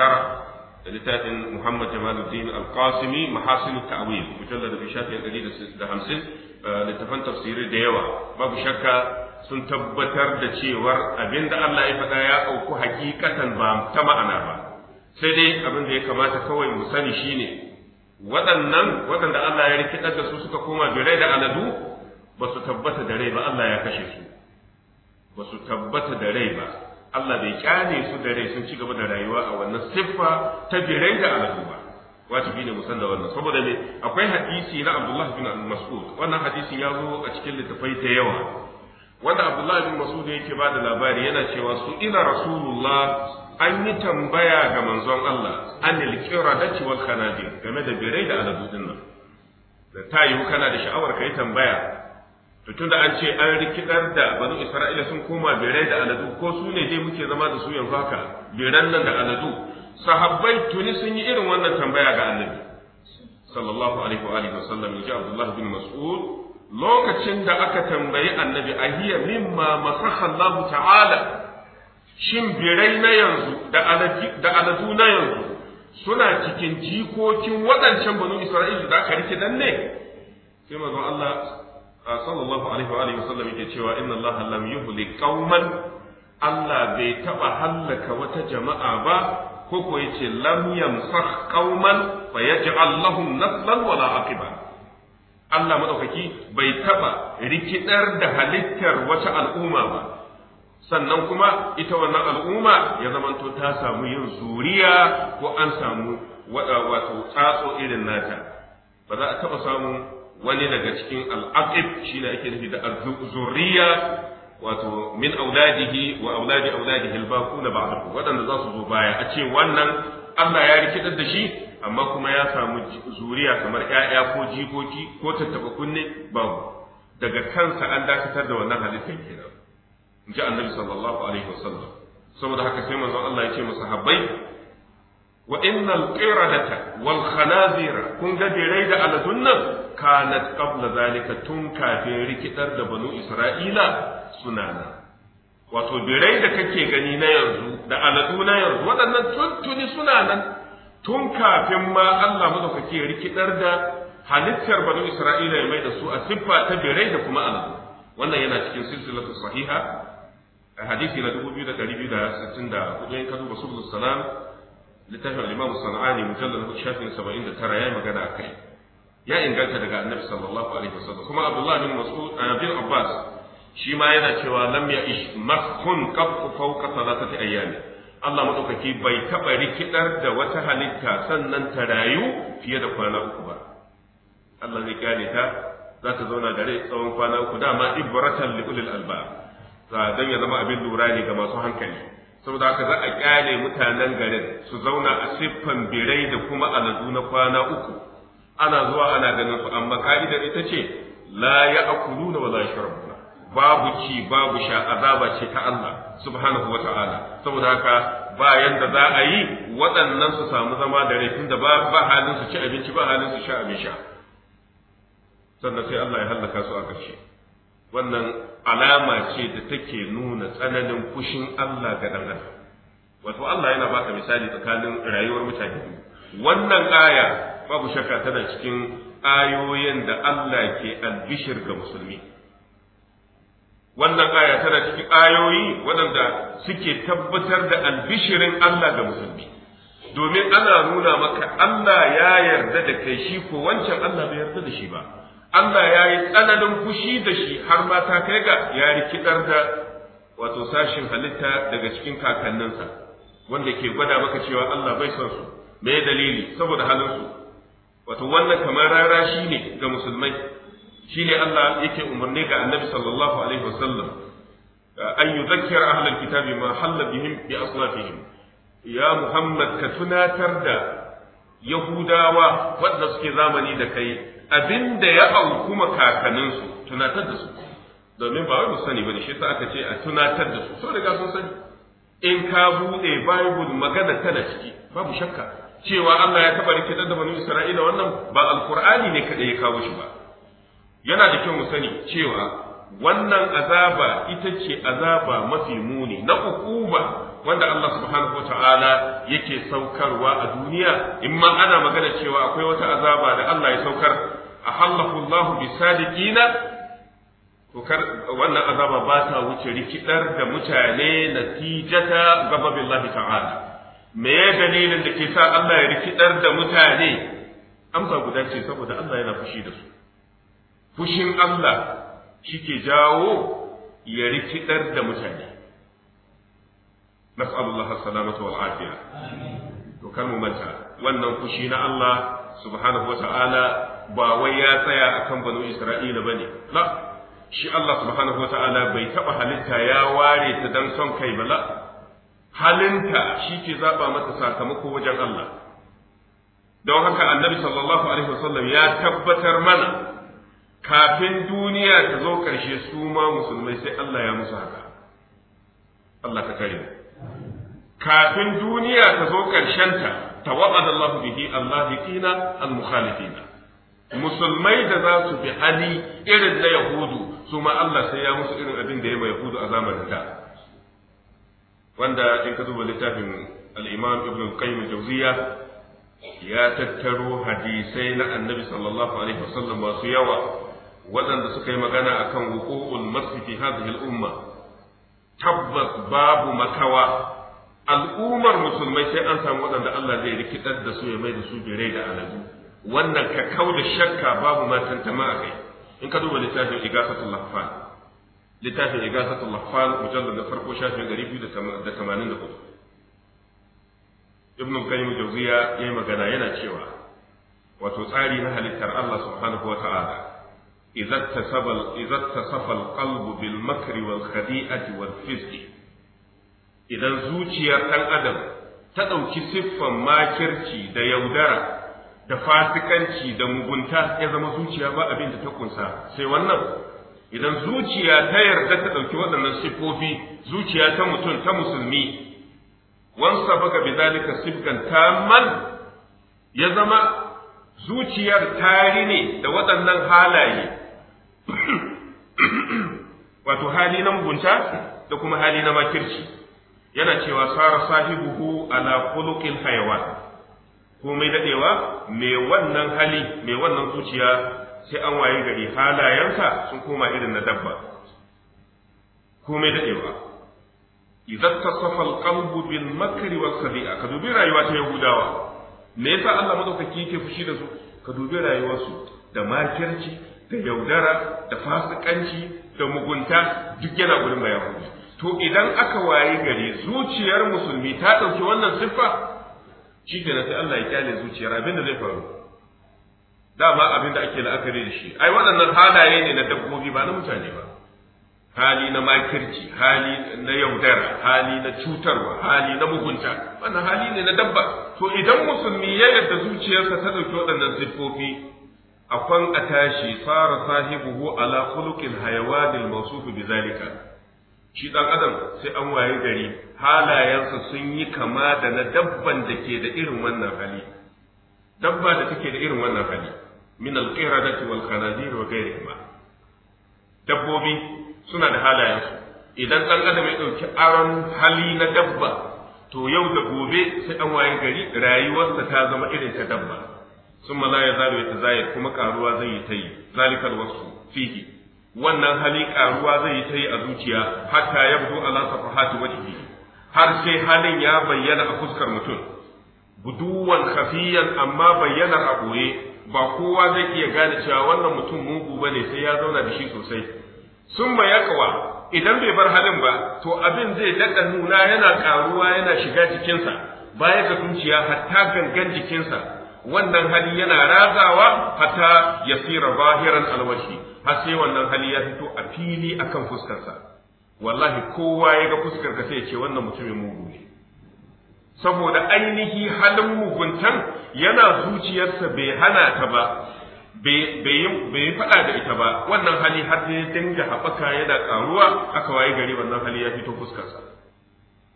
da littafin muhammad jamaluddin al-qasimi mahasin ta'wil mujallad bi shafi 150 eh, littafan tafsiri da yawa babu shakka sun tabbatar da cewar abinda Allah ya faɗa ya auku hakikatan ba ta ma'ana ba sai dai abin da ya kamata kawai mu sani shine waɗannan waɗanda Allah ya rikidar da su suka koma birai da aladu ba su tabbata da rai ba Allah ya kashe su ba su tabbata da rai ba Allah bai kyane su da rai sun ci gaba da rayuwa a wannan siffa ta birai da aladu ba bi ne musan da wannan saboda me akwai hadisi na Abdullah bin Mas'ud wannan hadisin ya zo a cikin littafai da yawa wanda Abdullah bin Mas'ud yake ba da labari yana cewa su ila Rasulullah an yi tambaya ga manzon Allah anil qiradati wal khanabir game da birai da aladu din nan da tayu kana da sha'awar kai tambaya to tunda an ce an rikidar da banu isra'ila sun koma birai da aladu ko su ne dai muke zama da su yanzu haka biran nan da aladu sahabbai tuni sun yi irin wannan tambaya ga annabi sallallahu alaihi wa alihi wasallam ya abdullah bin mas'ud lokacin da aka tambayi annabi ahiya mimma masakha Allah ta'ala shin birai na yanzu da aladu da aladu na yanzu suna cikin jikokin waɗancan banu isra'ila da aka rikidan ne sai manzon Allah sallallahu alaihi wa alihi wasallam yake cewa inna allaha lam yuhli qauman Allah bai taba hallaka wata jama'a ba ko ko yace lam yamsakh qauman fa yaj'al lahum naslan wala aqiba Allah madaukaki bai taba rikidar da halittar wata al'umma ba sannan kuma ita wannan al'umma ya zamanto ta samu yin zuriya ko an samu wato tsatso irin nata ba za a taba samun wani daga cikin al'aqib shine ake nufi da zuriya wato min auladihi wa auladi auladihi al-baquna ba'dahu wadanda za su zo baya a ce wannan Allah ya rikidar da shi amma kuma ya samu zuriya kamar ƴaƴa ko jikoki ko tattaba kunne babu daga kansa an dakatar da wannan halittar kenan in ji annabi sallallahu alaihi wasallam saboda haka sai manzon Allah ya ce masahabbai wa innal qiradata wal khanazira kun ga birai da aladun nan kanat qabla zalika tun kafin rikidar da banu isra'ila suna nan wato birai da kake gani na yanzu da aladu na yanzu waɗannan tuntuni suna nan tun kafin ma Allah mu madaukake rikidar da halittar banu isra'ila ya mai da su a siffa ta birai da kuma aladu wannan yana cikin silsilatu sahiha a hadisi na 2264 in ka duba subul salam littafin al-imam sana'ani mujallal hudu shafin saba'in da tara yi magana a kai ya inganta daga annabi sallallahu alaihi wasallam kuma abdullahi bin mas'ud eh, bin abbas shi ma yana cewa lam ya'ish makhun qab fawqa thalathati ayyami Allah madaukaki bai taba rikidar da wata halitta sannan ta rayu fiye da kwana uku ba Allah zai ta za ta zauna da tsawon kwana uku dama ibratan li ulil albab dan ya zama abin lura ne ga masu hankali saboda haka za a kyale mutanen garin su zauna a siffan birai da kuma aladu na kwana uku ana zuwa ana ganin su amma ka'idar ita ce la ya'kuluna wala yashrabuna babu ci babu sha azaba ce ta Allah subhanahu wa ta'ala saboda haka bayan da za a yi waɗannan su samu zama da rai tunda ba ba halin su ci abinci ba halin su sha abin sha sannan sai Allah ya hallaka su a ƙarshe wannan alama ce da take nuna tsananin kushin Allah ga dan adam wato Allah yana baka misali tsakanin rayuwar mutane wannan aya babu shakka tana cikin ayoyin da Allah ke albishir ga musulmi wannan aya tana cikin ayoyi waɗanda suke tabbatar da albishirin Allah ga musulmi domin ana nuna maka Allah ya yarda da kai shi ko wancan Allah bai yarda da shi ba Allah ya yi tsananin fushi da shi har ma ta kai ga ya rikidar da wato sashin halitta daga cikin kakanninsa wanda ke gwada maka cewa Allah bai son su me dalili saboda halinsu. wato wannan kamar rara shi ne ga musulmai shi ne Allah yake umarni ga annabi sallallahu alaihi wasallam an yuzakkir ahlul kitabi ma halla bihim bi aslafihim ya Muhammad ka tunatar da Yahudawa wanda suke zamani da kai abin da ya auku makakanninsu tunatar da su domin ba wai sani bane shi yasa aka ce a tunatar da su so riga sun sani in ka bude bible magana tana ciki babu shakka cewa Allah ya taba rike da banu Isra'ila wannan ba alqur'ani ne kada ya kawo shi ba yana da kyau mu sani cewa wannan azaba ita ce azaba mafi muni na hukuma wanda Allah subhanahu wata'ala yake saukarwa a duniya in ma ana magana cewa akwai wata azaba da Allah ya saukar ahallahu Allahu bi sadiqina ko kar wannan azaba ba ta wuce rikidar da mutane natijata gababillahi ta'ala me ya dalilin da ke sa Allah ya rikidar da mutane amsa guda ce saboda Allah yana fushi da su fushin Allah shike jawo ya rikidar da mutane nas'alullaha salamata wal afiya to kar mu manta wannan fushi na Allah subhanahu wata'ala ba wai ya tsaya akan banu Isra'ila bane la shi Allah subhanahu wata'ala bai taba halitta ya ware ta dan son kai ba la halinta shi ke zaba mata sakamako wajen Allah don haka annabi sallallahu alaihi wasallam ya tabbatar mana kafin duniya ta zo karshe su ma musulmai sai Allah ya musu haka Allah ka kare mu kafin duniya ta zo ƙarshenta ta waɗa Allah bihi al-mahiqina al-mukhalifina musulmai da za su bi hali irin na yahudu su ma Allah sai ya musu irin abin da ya mai yahudu a zamanin da wanda in ka duba littafin al-imam ibn al-qayyim jawziya ya tattaro hadisai na annabi sallallahu alaihi wasallam masu yawa waɗanda suka yi magana akan wuqu'ul masjid fi hadhihi al-umma tabbas babu makawa al'ummar musulmai sai an samu waɗanda Allah zai rikidar da su ya mai da su birai da alaji wannan ka kau da shakka babu ma tantama a kai in ka duba littafin igasatul lahfan littafin igasatul lahfan mujallal da farko shafin 284 ibn qayyim jawziya yayi magana yana cewa wato tsari na halittar Allah subhanahu wata'ala idza tasabal idza tasafal qalbu bil makri wal khadi'ati wal fisqi idan zuciyar ɗan adam ta ɗauki siffan makirci da yaudara da fasikanci da mugunta ya zama zuciya ba abin da ta kunsa sai wannan idan zuciya ta yarda ta ɗauki waɗannan siffofi zuciya ta mutum ta musulmi wansa baka bi zalika sifkan tamman ya zama zuciyar tari ne da waɗannan halaye wato hali na mugunta da kuma hali na makirci yana cewa sara sahibuhu ala khuluqil hayawan komai dadewa mai wannan hali mai wannan zuciya sai an waye gari halayensa sun koma irin na dabba komai dadewa idan tasafa alqalbu bil makri wa sabi'a ka dubi rayuwa ta yahudawa me yasa Allah madaukaki yake fushi da su ka dubi rayuwarsu da makirci da yaudara da fasikanci da mugunta duk yana gurin bayan to idan aka waye gari zuciyar musulmi ta ɗauki wannan siffa shi ke sai Allah ya kyale zuciyar abin da zai faru dama abin da ake la'akari da shi ai waɗannan halaye ne na dabbobi ba na mutane ba hali na makirci hali na yaudara hali na cutarwa hali na mugunta wannan hali ne na dabba to idan musulmi ya yarda zuciyarsa ta ɗauki waɗannan siffofi akwai a tashi fara sahibu ala khuluqil hayawanil mawsuf bi zalika shi ɗan adam sai an waye gari halayensa sun yi kama da na dabban da ke da irin wannan hali dabba da take da irin wannan hali min alqiradati wal khanazir wa ghayrihima dabbobi suna da halayensu idan ɗan adam ya ɗauki aron hali na dabba to yau da gobe sai an waye gari rayuwarsa ta zama irin ta dabba sun la ya zalo ya tazayar kuma karuwa zai yi ta yi zalikar wasu fihi wannan hali karuwa zai yi ta yi a zuciya hatta ya budu ala safahati wajhi har sai halin ya bayyana a fuskar mutum buduwan khafiyan amma bayyana a boye ba kowa zai iya gane cewa wannan mutum mugu ba ne sai ya zauna da shi sosai sun ma yakawa idan bai bar halin ba to abin zai daɗa nuna yana ƙaruwa yana shiga jikinsa baya ga zuciya hatta gangan jikinsa wannan hali yana razawa hatta yasira zahiran alwashi har sai wannan hali ya fito a fili akan fuskarsa wallahi kowa ya ga fuskar ka sai ya ce wannan mutumin mugu ne saboda ainihi halin muguntan yana zuciyarsa bai hana ta ba bai yi faɗa da ita ba wannan hali har sai dinga haɓaka yana ƙaruwa aka waye gari wannan hali ya fito fuskarsa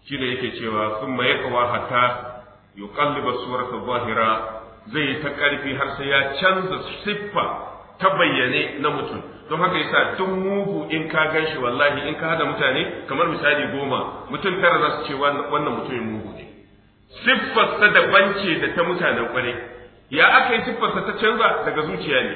shi ne yake cewa sun maye kawa hatta yuqallibu surata zahira zai yi ta ƙarfi har sai ya canza siffa ta bayyane na mutum don haka yasa tun mugu in ka gan wallahi in ka hada mutane kamar misali goma mutum tara za su ce wannan mutumin mugu ne siffarsa daban ce da ta mutane kwarai ya aka yi siffarsa ta canza daga zuciya ne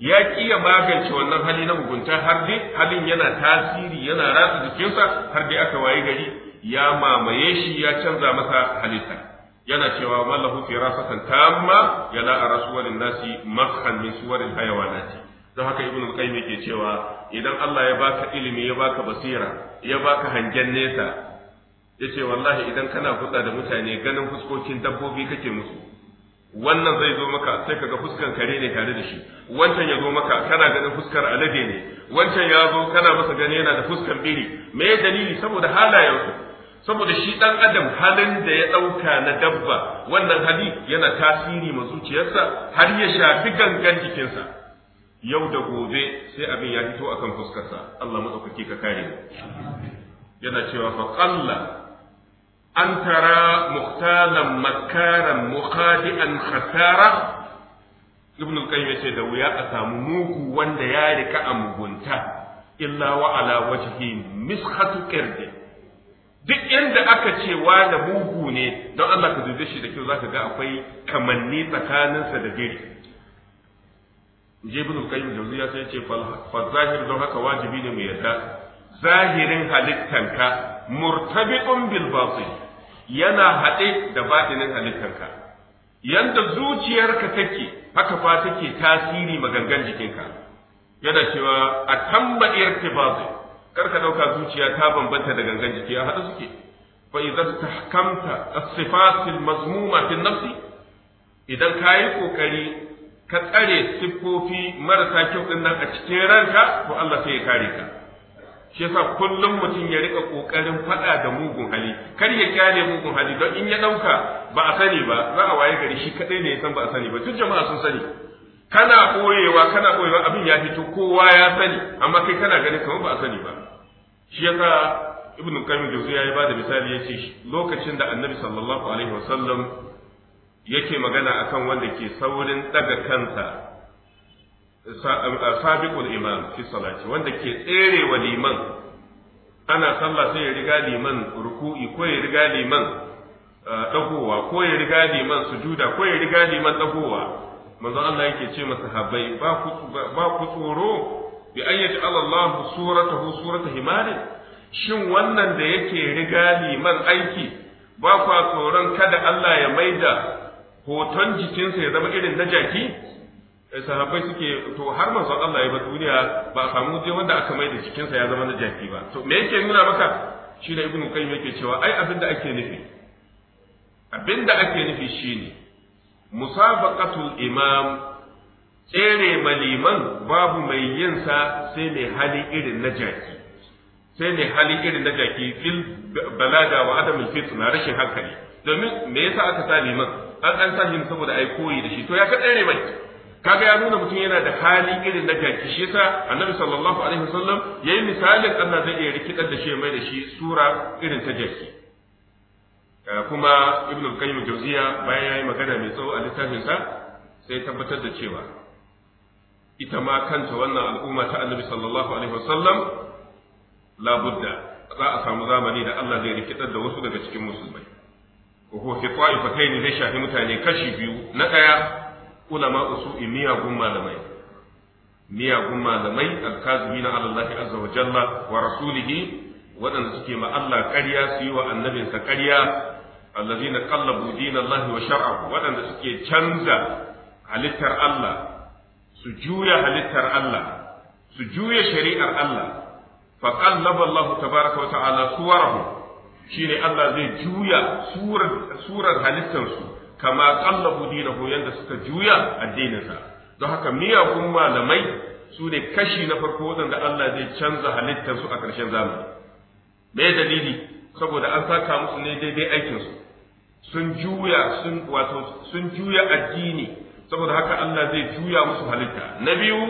ya kiya magance wannan hali na mugunta har dai halin yana tasiri yana ratsa jikinsa har dai aka wayi gari ya mamaye shi ya canza masa halitta yana cewa mallahu firasatan tamma yana a rasuwalin nasi makhan min suwarin hayawanati don haka ibn al-qayyim yake cewa idan Allah ya baka ilimi ya baka basira ya baka hangen nesa yace wallahi idan kana hudda da mutane ganin fuskokin dabbobi kake musu wannan zai zo maka sai kaga fuskan kare ne tare da shi wancan ya zo maka kana ganin fuskar alade ne wancan ya zo kana masa gani yana da fuskan biri me dalili saboda halayensu saboda shi ɗan adam halin da ya ɗauka na dabba wannan hali yana tasiri ma zuciyarsa har ya shafi gangan jikinsa yau da gobe sai abin ya fito akan fuskarsa Allah madaukaki ka kare mu. yana cewa fa qalla an tara muhtalan makaran muhadi'an khatara ibn al-qayyim yace da wuya a samu muku wanda ya rika a mugunta illa wa ala wajhi miskhatu duk inda aka ce da mugu ne don Allah ka dube shi da kyau zaka ga akwai kamanni tsakaninsa da gari jibin kai da jawziya sai ce fa zahir don haka wajibi ne mu yarda zahirin halittanka murtabiqun bil batin yana haɗe da batinin halittanka yanda zuciyarka take haka fa take tasiri magangan jikinka yana cewa a tamba irtibati kar ka dauka zuciya ta bambanta da gangan jiki a hada suke fa idza tahkamta as sifatil mazmuma fi an idan kai kokari ka tsare siffofi marasa kyau din nan a cikin ranka to Allah sai ya kare ka shi yasa kullum mutum ya rika kokarin faɗa da mugun hali kar ya kyale mugun hali don in ya ɗauka ba a sani ba za a waye gari shi kaɗai ne ya san ba a sani ba duk jama'a sun sani kana koyewa kana koyewa abin ya fito kowa ya sani amma kai kana ganin kamar ba a sani ba shi yasa ibnu qayyim jawziya ya bada misali yace lokacin da annabi sallallahu alaihi wasallam yake magana akan wanda ke saurin daga kansa sabiqul imam fi salati wanda ke tsere wa liman ana sallah sai ya riga liman ruku'i ko ya riga liman dagowa ko ya riga liman sujuda ko ya riga liman dagowa manzon Allah yake ce masa habai ba ku ba ku tsoro bi ayyati Allah suratuhu surata himari shin wannan da yake riga liman aiki ba kwa tsoron kada Allah ya maida hoton jikinsa ya zama irin na jaki eh, sahabbai suke to har manzon Allah ya ba duniya ba a samu je wanda aka maida jikinsa ya zama na jaki ba to me yake nuna maka shi da ibnu kayyim yake cewa ai abinda ake nufi Abinda ake nufi shine musabaqatul imam tsere maliman babu mai yin sa sai ne hali irin na jaki sai ne hali irin na jaki fil balaga wa adamul fitna rashin hankali domin me yasa aka sa liman an an sahin shi saboda ai koyi da shi to ya ka tsere mai kaga ya nuna mutum yana da hali irin na jaki shi yasa annabi sallallahu alaihi wasallam yayi misalin Allah zai iya rikidar da shi mai da shi sura irin ta jaki Eh, kuma ibn al-qayyim jawziya bayan yayi magana mai tsawo a littafin sa sai tabbatar da cewa ita ma kanta wannan al'umma ta annabi sallallahu alaihi wasallam la budda za a samu zamani da Allah zai rikidar da wasu daga cikin musulmai ko ko fi qa'ifatayn zai shafi mutane kashi biyu na daya ulama usu'i miyagun malamai miyagun malamai alkazimina ala Allah azza wa jalla wa rasulihi waɗanda suke ma Allah ƙarya su yi wa annabinsa ƙarya allazina qallabu dinallahi wa shar'ahu wadanda suke canza halittar Allah su juya halittar Allah su juya shari'ar Allah fa qallaba tabaraka wa ta'ala suwarahu shine Allah zai juya surar surar kama qallabu dinahu yanda suka juya addininsa don haka miyagun malamai su ne kashi na farko waɗanda Allah zai canza halittarsu su a ƙarshen zamani me dalili saboda an saka musu ne daidai aikinsu sun juya sun wato sun juya addini saboda haka Allah zai juya musu halitta na biyu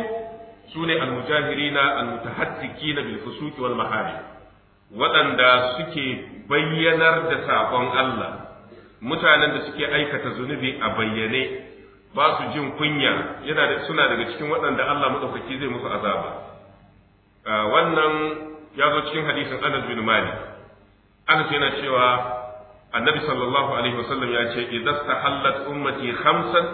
sune al almutahaddiqina bil fusuki wal mahari waɗanda suke bayyanar da sabon Allah mutanen da suke aikata zunubi a bayyane ba su jin kunya yana da suna daga cikin waɗanda Allah madaukaki zai musu azaba ah, wannan ya zo cikin hadisin Anas bin Malik Anas yana cewa annabi sallallahu alaihi wasallam ya ce idan tahallat ummati khamsan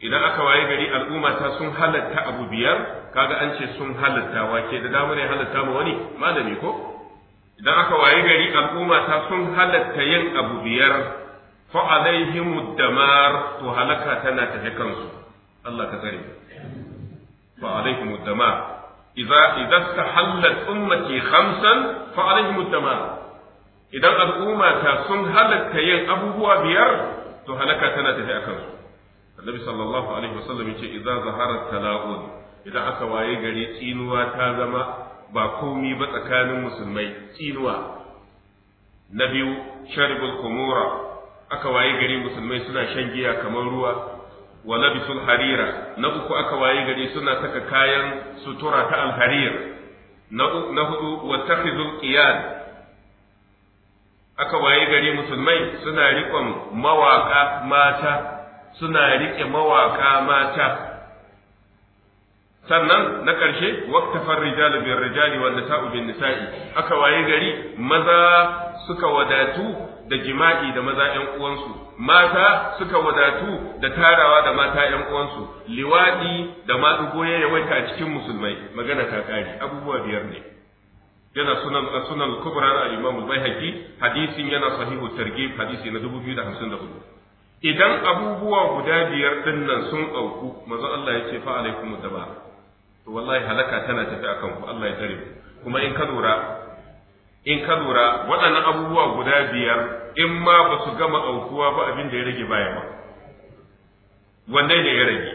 idan aka waye gari al'umma sun halatta abu biyar kaga an ce sun halatta wake da dama ne halatta ma wani malami ko idan aka waye gari al'umma sun halatta yin abu biyar fa alaihim damar to halaka tana tafi kansu Allah ka tsare damar ummati khamsan damar idan al'umma ta sun halatta yin abubuwa biyar to halaka tana tafi a kansu annabi sallallahu alaihi wasallam yace idza zahara talaqun idan aka waye gari tsinuwa ta zama ba komi ba tsakanin musulmai tsinuwa na biyu sharibul kumura aka waye gari musulmai suna shan giya kamar ruwa wa labisul harira na uku aka waye gari suna saka kayan sutura ta alharir na huɗu wa takhizul qiyad aka waye gari musulmai suna riƙon mawaka mata suna riƙe mawaka mata sannan na ƙarshe waktafar rijalu bin rijali wanda ta'u bin nisa'i aka waye gari maza suka wadatu da jima'i da maza ‘yan uwansu mata suka wadatu da tarawa da mata ‘yan uwansu liwaɗi da maɗugo ya yawaita a cikin musulmai magana ta kare abubuwa biyar ne yana sunan sunan kubra na imamu baihaqi hadisin yana sahihu targhib hadisi na dubu biyu da da hamsin 2054 idan abubuwa guda biyar din nan sun auku maza Allah ya ce fa alaikum daba to wallahi halaka tana tafi akan ku Allah ya tare kuma in ka lura in ka lura waɗannan abubuwa guda biyar in ma ba su gama aukuwa ba abin da ya rage baya ba wanne ne ya rage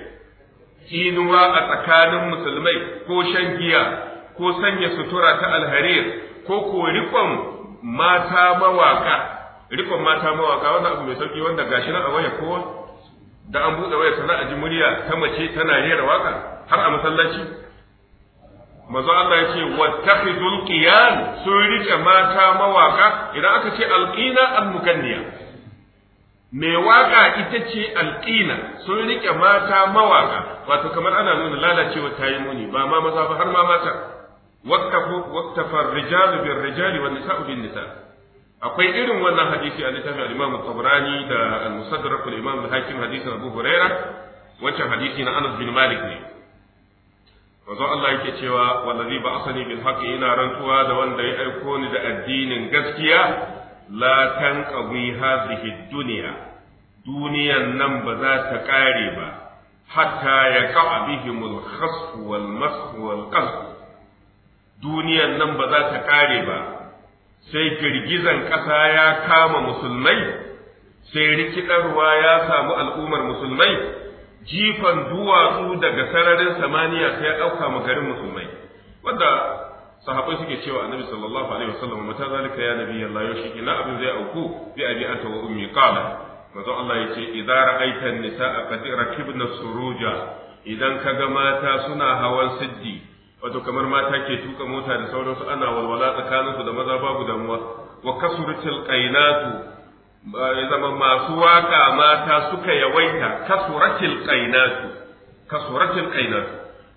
Inuwa a tsakanin musulmai ko shan giya ko sanya sutura ta alharir ko ko rikon mata mawaka rikon mata mawaka wannan abu mai sauki wanda gashi nan a waya ko da an buɗe waya sana'a ji murya ta mace tana rera waka har a masallaci mazo Allah ya wattakhidul qiyan sun rike mata mawaka idan aka ce alqina mukanniya mai waka ita ce alƙina sun rike mata mawaka wato kamar ana nuna lalacewa tayi muni ba ma maza ba har ma mata waktafa rijalu bin rijali wa nisa'u bin nisa akwai irin wannan hadisi a littafin al-Imam Tabrani da al-Musaddaq al-Imam al-Hakim hadisin Abu Huraira wancan hadisi na Anas bin Malik ne manzo Allah yake cewa wallazi ba asani bil haqqi ina rantuwa da wanda ya aiko ni da addinin gaskiya la tanqawi hadhihi dunya duniyan nan ba za ta kare ba hatta ya qa'a bihi mul khasf wal masf wal duniyar nan ba za ta kare ba sai girgizan ƙasa ya kama musulmai sai rikidarwa ya samu al'ummar musulmai jifan duwatsu daga sararin samaniya sai ya ɗauka ma garin musulmai wanda sahabai suke cewa annabi sallallahu alaihi wasallam mata zalika ya nabi Allah yaushe ina abin zai auku bi abi anta wa ummi qala manzo Allah yace idza ra'aita an-nisaa qad rakibna suruja idan kaga mata suna hawan siddi wato kamar mata ke tuka mota da sauransu ana walwala tsakaninsu da maza babu damuwa wa kasuratul qainatu ya zama masu waka mata suka yawaita kasuratul qainatu kasuratul qainatu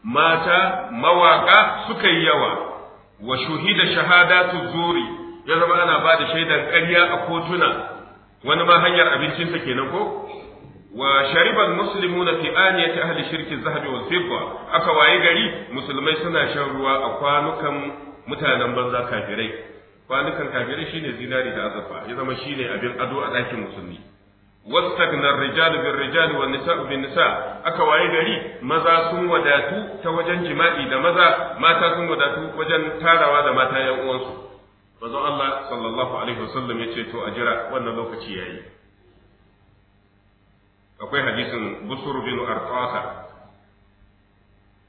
mata mawaka suka yi yawa wa shuhida shahadatu zuri ya zama ana ba da shaidan ƙarya a kotuna wani ma hanyar abincinsa kenan ko Wa وشرب المسلمون في آنية أهل شرك الذهب والفضة أكواي aka waye gari شروا suna shan ruwa a kwanukan mutanen banza kafirai shine zinari da azurfa ya zama shine abin ado a ɗakin musulmi wastagna rijalu bir rijal wa nisa'u bin nisa aka waye gari maza sun wadatu ta wajen jima'i da maza mata sun wadatu wajen tarawa da mata yan uwansu manzon Allah sallallahu alaihi wasallam yace to a jira wannan lokaci yayi akwai hadisin busur bin arqasa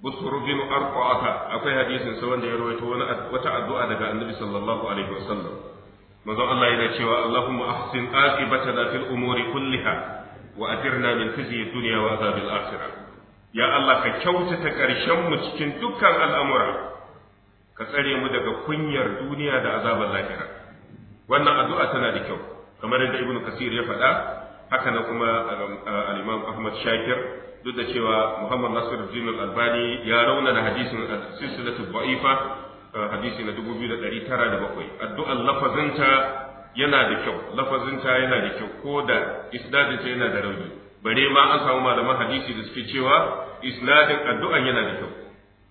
busur bin arqasa akwai hadisin sa wanda ya rawaito wani wata addu'a daga annabi sallallahu alaihi wasallam manzon Allah yana cewa Allahumma ahsin aqibatana fil umuri kulliha wa atirna min khizyi dunya wa azabil akhirah ya Allah ka kyautata karshen mu cikin dukkan al'amura ka tsare mu daga kunyar duniya da azabar lahira wannan addu'a tana da kyau kamar yadda ibnu kasir ya faɗa haka na kuma uh, alimam Ahmad Shakir duk da cewa Muhammad Nasir al-Albani ya raunana hadisin uh, silsilatu da'ifa uh, hadisi na 2907 addu'ar lafazinta yana da kyau lafazinta yana da kyau ko da isnadinta yana da rauni bare ma an samu malaman hadisi da suke cewa isnadin addu'an yana da kyau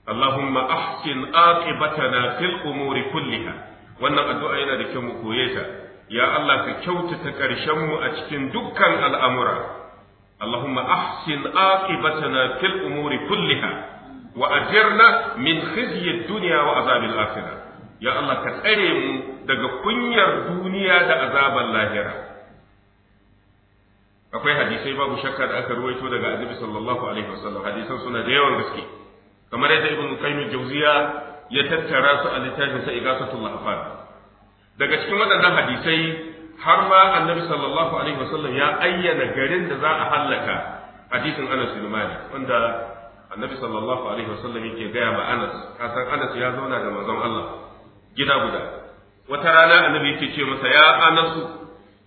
اللهم أحسن عاقبتنا في الأمور كلها wannan addu'a yana da kyau mu koye ta ya Allah ka kyautata ƙarshenmu a cikin dukkan al'amura Allahumma ahsin aqibatana fil umuri kulliha wa ajirna min khizyid duniya wa azabil akhirah ya Allah ka tsare mu daga kunyar duniya da azabar lahira akwai hadisai babu shakka da aka ruwaito daga annabi sallallahu alaihi wasallam hadisan suna da yawan gaske kamar yadda ibn qayyim jawziya ya tattara su a littafin sa igasatul lahfan daga cikin waɗannan hadisai har ma annabi sallallahu alaihi wasallam ya ayyana garin da za a hallaka hadisin Anas bin Malik wanda annabi sallallahu alaihi wasallam yake gaya ma Anas kasan Anas ya zauna da manzon Allah gida guda wata rana annabi yake ce masa ya Anasu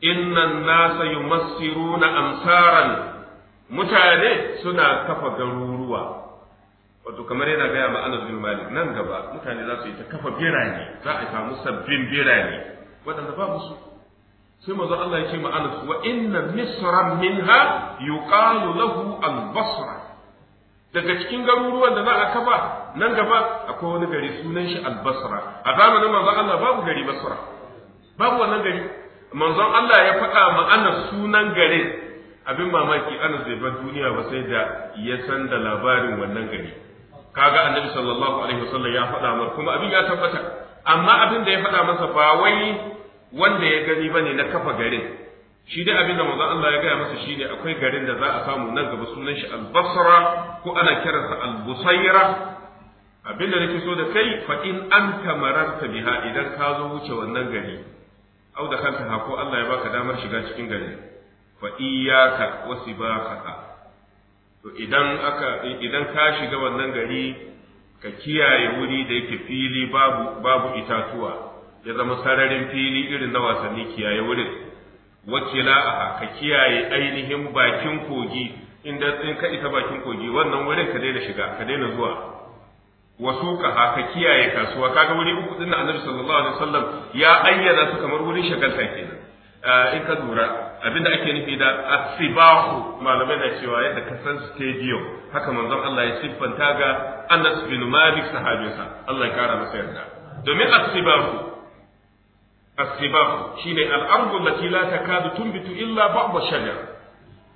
innan nasa yumassiruna amsaran mutane suna kafa garuruwa wato kamar yana gaya ma Anas bin Malik nan gaba mutane za su yi ta kafa birane za a samu sabbin birane waɗanda ba musu sai manzo Allah ya ce ma Anas wa inna misra minha yuqalu lahu al-basra daga cikin garuruwan da za a kafa nan gaba akwai wani gari sunan shi al-basra a zamanin manzo Allah babu gari basra babu wannan gari manzon Allah ya faɗa ma Anas sunan garin abin mamaki Anas bai bar duniya ba sai da ya san da labarin wannan gari kaga annabi sallallahu alaihi wasallam ya faɗa mar kuma abin ya tabbata amma abin da ya faɗa masa ba wai wanda ya gani bane na kafa garin shi dai abin da manzon Allah ya gaya masa shi shine akwai garin da za a samu nan gaba sunan shi al-Basra ko ana kiransa al-Busayra abin da nake so da kai fa in anta mararta biha idan ka zo wuce wannan gari au da kanka ko Allah ya baka damar shiga cikin gari fa iyyaka wasibaka to idan aka idan ka shiga wannan gari ka kiyaye wuri da yake fili babu babu itatuwa ya zama sararin fili irin na wasanni kiyaye wurin a ka kiyaye ainihin bakin kogi inda in ka ita bakin kogi wannan wurin ka daina shiga ka daina zuwa wasu ka ka kiyaye kasuwa kaga wuri uku din annabi sallallahu alaihi wasallam ya ayyana su kamar wurin shagalta kenan ah, in ka lura abinda ake nufi da asibahu malamai na cewa yadda ka san stadium haka manzon Allah ya siffanta ga Anas bin Malik sahabinsa Allah ya kara masa yarda domin asibahu asibahu shine al-ardu allati la takadu tunbitu illa ba'd shajar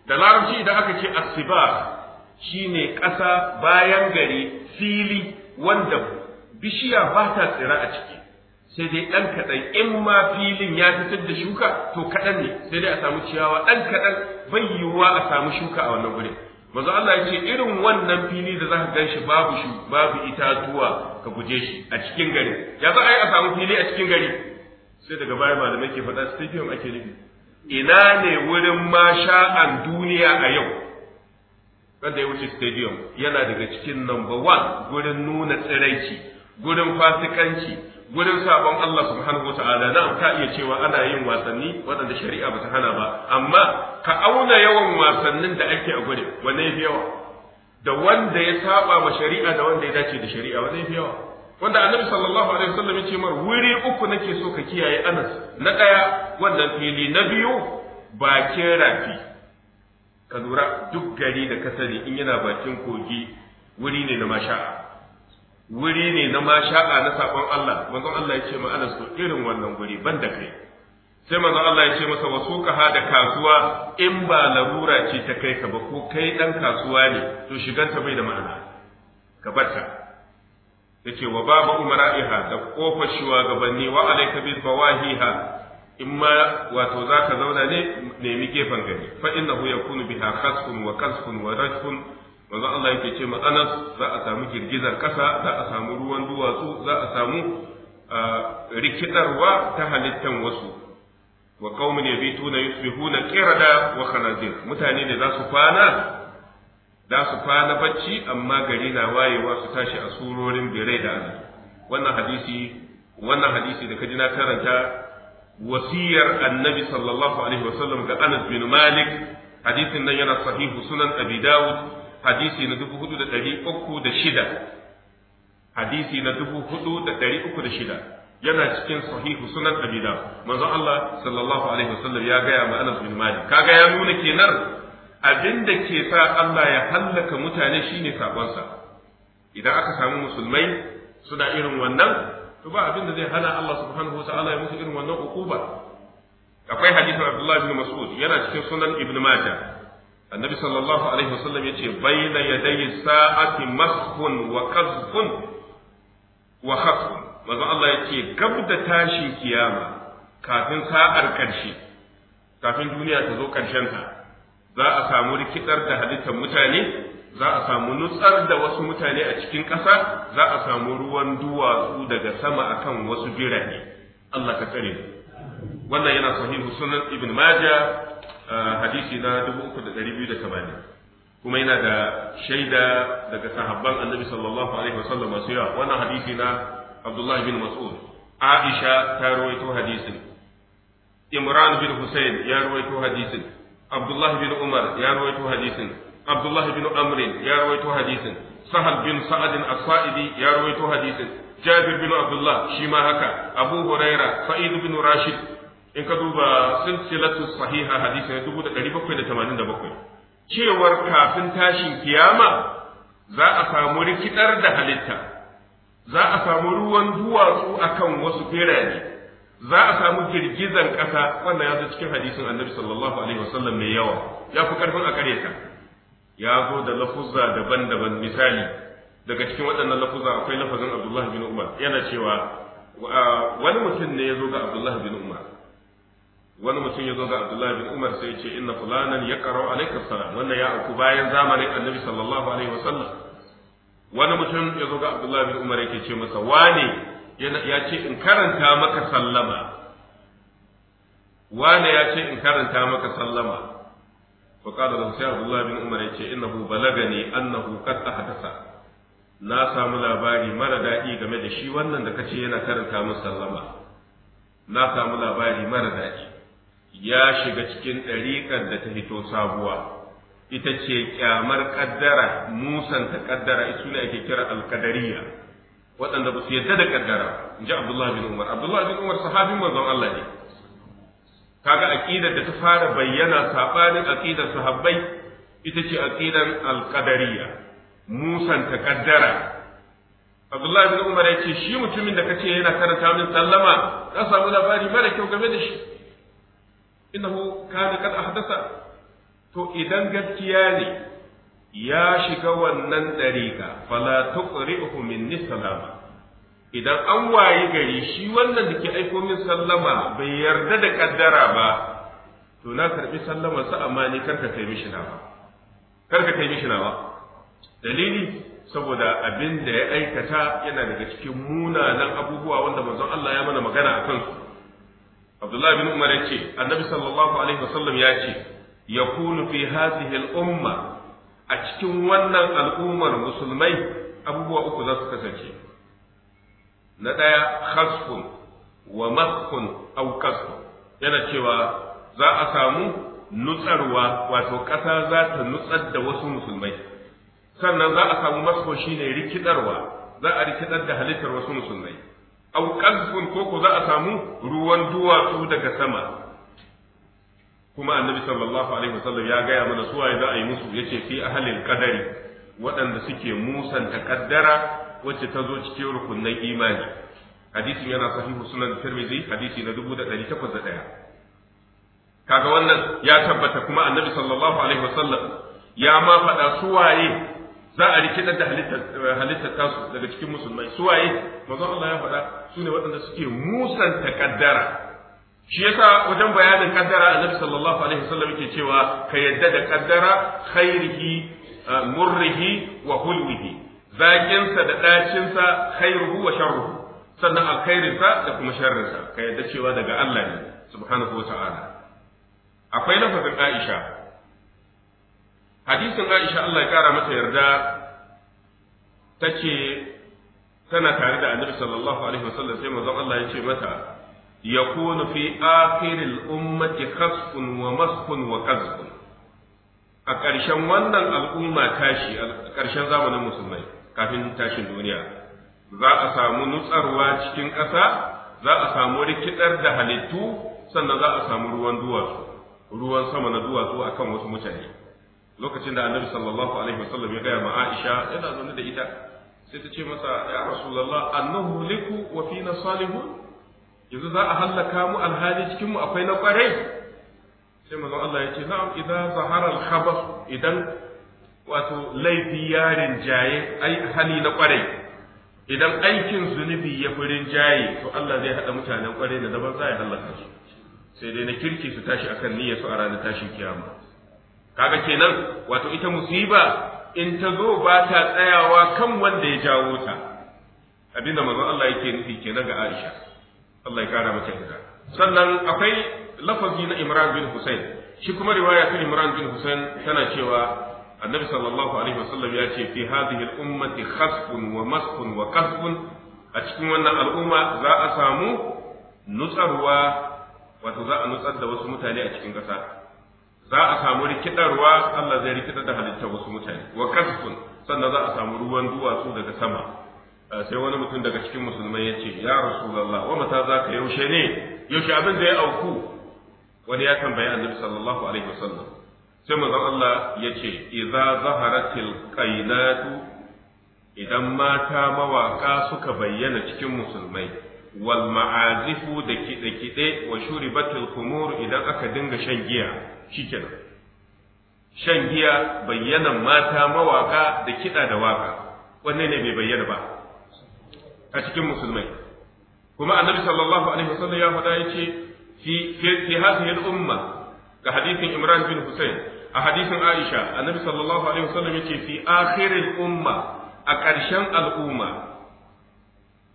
da larabci idan aka ce asibah shine ƙasa bayan gari fili wanda bishiya ba ta tsira a ciki sai dai ɗan kaɗan in ma filin ya fitar da shuka to kaɗan ne sai dai a samu ciyawa ɗan kaɗan bai yiwuwa a samu shuka a wannan guri. maza Allah ya ce irin wannan fili da ka gan shi babu shi babu itatuwa ka guje shi a cikin gari ya za a yi a samu fili a cikin gari sai daga baya malamai ke faɗa stadium ake nufi ina ne wurin masha'an duniya a yau wanda ya wuce stadium yana daga cikin number one gurin nuna tsiraici gurin fasikanci gurin sabon Allah subhanahu wata'ala na ka iya cewa ana yin wasanni waɗanda shari'a ba ta hana ba amma ka auna yawan wasannin da ake a gurin wanne yafi yawa da wanda ya saba wa shari'a da wanda ya dace da shari'a wanne yafi yawa wanda annabi sallallahu alaihi wasallam ya ce mar wuri uku nake so ka kiyaye anas na ɗaya wannan fili na biyu bakin rafi ka lura duk gari da ka sani in yana bakin kogi wuri ne na masha'a wuri ne na mashaka na sakon Allah manzon Allah yace ce ma ana to irin wannan wuri ban da kai sai manzon Allah ya ce masa wasu ka da kasuwa in ba larura ce ta kai ka ba ko kai ɗan kasuwa ne to shiganta bai da ma'ana ka barta yace wa babu umara'iha da kofar Gabanni, wa alayka bil bawahiha in ma wato zaka zauna ne nemi gefen gari fa innahu yakunu biha kaskun wa kaskun wa rajfun manzo Allah yake ce ma za a samu girgizar kasa za a samu ruwan duwatsu za a samu rikidarwa ta halittan wasu wa qaumun yabituna yusbihuna qirada wa khanazir mutane ne za su kwana za su kwana bacci amma gari na wayewa su tashi a surorin birai da ana wannan hadisi wannan hadisi da kaji na karanta wasiyar annabi sallallahu alaihi wasallam ga Anas bin Malik hadisin nan yana sahihu sunan Abi Dawud hadisi na dubu hudu da ɗari uku da shida hadisi na dubu hudu da ɗari uku da shida yana cikin sahihu sunan abida manzo Allah sallallahu alaihi wasallam ya gaya ma Anas bin Malik kaga ya nuna kenan abinda ke sa Allah ya halaka mutane shine sabonsa idan aka samu musulmai suna irin wannan to ba abinda zai hana Allah subhanahu wataala ya musu irin wannan ukuba akwai hadisin Abdullah bin Mas'ud yana cikin sunan Ibn Majah annabi sallallahu alaihi wasallam yace bayna yadayi sa'ati maskhun wa qazfun wa khafun manzo Allah yace gab da tashin kiyama kafin sa'ar karshe kafin duniya ta zo ƙarshen ta za a samu rikitar da halittar mutane za a samu nutsar da wasu mutane a cikin ƙasa za a samu ruwan duwatsu daga sama akan wasu birane Allah ka tsare wannan yana sahihu sunan ibn Maja. hadisi na dubu uku da da biyu 3280 kuma yana da shaida daga sahabban annabi sallallahu alaihi wa sallam masu yawa wannan hadisi na abdullahi bin mas'ud aisha ta ruwaito hadisin imran bin husayn ya ruwaito hadisin abdullahi bin umar ya ruwaito hadisin abdullahi bin amr ya ruwaito hadisin sahal bin sa'ad as-sa'idi ya ruwaito hadisin jabir bin abdullah shi ma haka abu huraira sa'id bin rashid in ka duba silsilatu sahiha hadisi ne dubu da ɗari bakwai da tamanin da bakwai cewar kafin tashin kiyama za a samu rikidar da halitta za a samu ruwan duwatsu akan wasu birane za a samu girgizan ƙasa wannan ya zo cikin hadisin annabi sallallahu alaihi wasallam mai yawa ya fi karfin a kareta ya zo da lafuzza daban-daban misali daga cikin waɗannan lafuzza akwai lafazin abdullahi bin umar yana cewa wani mutum ne ya zo ga abdullahi bin umar wani mutum ya zo ga Abdullahi bin Umar sai ce inna fulanan ya karo alaikar salam wannan ya auku bayan zamanin annabi sallallahu alaihi wasallam wani mutum ya zo ga Abdullahi bin Umar yake ce masa wane ya ce in karanta maka sallama wane ya ce in karanta maka sallama fa qala lahu sai Abdullahi bin Umar yace innahu balagani annahu qad ahdasa na samu labari mara daɗi game da shi wannan da kace yana karanta min sallama na samu labari mara daɗi ya shiga cikin ɗariƙar da ta hito sabuwa ita ce ƙyamar ƙaddara musanta ƙaddara su ne ake kira alƙadariya waɗanda ba su yadda da ƙaddara in ji abdullahi bin umar abdullahi bin umar sahabin manzon allah ne kaga aƙidar da ta fara bayyana saɓanin aƙidar sahabbai ita ce aƙidar alƙadariya musanta ƙaddara Abdullahi bin Umar ya ce shi mutumin da kace yana karanta min sallama ka samu labari mara kyau game da shi innahu kana kad ahdasa to idan gaskiya ne ya shiga wannan dariƙa fala tuqrihu minni salama idan an wayi gari shi wannan da ke aiko min sallama bai yarda da kaddara ba to na karbi sallama sa amma ni karka kai mishi nawa karka kai mishi nawa dalili saboda abin da ya aikata yana daga cikin munanan abubuwa wanda manzon Allah ya mana magana akan su Abdullahi bin Umar ya Annabi sallallahu Alaihi wasallam ya ce, ya kunu fi al al'umma a cikin wannan al'ummar musulmai abubuwa uku za su kasance. Na ɗaya, khasfun wa maskun au kasfun yana cewa za a samu nutsarwa wato ƙasa za ta nutsar da wasu musulmai. Sannan za a samu masko shine rikidarwa, za a rikidar da halittar wasu musulmai. au qazfun ko ko za a samu ruwan duwatsu daga sama kuma annabi sallallahu alaihi wasallam ya gaya mana waye za a yi musu yace fi ahlil qadari waɗanda suke musanta kaddara wacce ta zo cikin rukunnan imani hadisin yana sahihu sunan tirmidhi hadisi na 1801 kaga wannan ya tabbata kuma annabi sallallahu alaihi wasallam ya ma faɗa suwaye za a rikidar da eh, halittar tasu daga cikin musulmai su waye Allah ya faɗa su ne waɗanda suke musanta ƙaddara. shi yasa wajen bayanin kaddara annabi sallallahu alaihi wasallam yake cewa ka yadda da kaddara khairihi eh, murrihi wa hulwihi zakinsa da ɗacinsa khairuhu wa sharruhu sannan alkhairinsa da kuma sharrinsa ka yadda cewa daga Allah ne subhanahu wa ta'ala akwai lafazin Aisha hadisin Aisha Allah ya kara mata yarda take tana tare da Annabi sallallahu alaihi wasallam sai manzon Allah ya ce mata yakunu fi akhiril ummati khasfun wa maskun wa kazbun a ƙarshen wannan al'umma tashi a ƙarshen zamanin musulmai kafin tashin duniya za a samu nutsarwa cikin ƙasa za a samu rikidar da halittu sannan za a samu ruwan duwatsu ruwan sama na duwatsu akan wasu mutane lokacin da annabi sallallahu alaihi wasallam ya gaya ma Aisha yana zaune da ita sai ta ce masa ya rasulullah annahu liku wa fina salihun yanzu za a hallaka mu alhali cikin mu akwai na kwarai sai manzo Allah ya ce na'am idan zahara al-khabath idan wato laifi yarin jaye ai hali na kwarai idan aikin zunubi ya furin jaye to Allah zai hada mutanen kwarai da daban za ya hallaka su sai dai na kirki su tashi akan niyyar su a ranar tashin kiyama kaga kenan wato ita musiba in ta zo ba ta tsayawa kan wanda ya jawo ta abinda manzon Allah yake nufi kenan ga Aisha Allah ya kara mata yarda sannan akwai lafazi na Imran bin Hussein shi kuma riwaya ta Imran bin Hussein tana cewa annabi sallallahu alaihi wasallam ya ce fi hadhihi al-ummati khasfun wa maskun wa kasfun a cikin wannan al'umma za a samu nutsarwa wato za a nutsar da wasu mutane a cikin ƙasa za a samu rikidarwa Allah zai rikidar da halitta wasu mutane wa kasfun sannan za a samu ruwan duwatsu daga sama sai wani mutum daga cikin musulmai ya ce ya rasulullah wa mata za ka yaushe ne yaushe abin da ya auku wani ya tambayi annabi sallallahu alaihi wasallam sai manzon Allah ya ce idza zaharatil qainatu idan mata mawaka suka bayyana cikin musulmai wal da kiɗe-kiɗe wa shuribatul kumur idan aka dinga shan giya shikenan shan giya bayyanan mata mawaka da kiɗa da waka wanne ne bai bayyana ba a cikin musulmai kuma annabi sallallahu alaihi wasallam ya faɗa yace fi fi hadhihi al-umma ga hadisin Imran bin Hussein a hadisin Aisha annabi sallallahu alaihi wasallam yace fi al umma a ƙarshen al'umma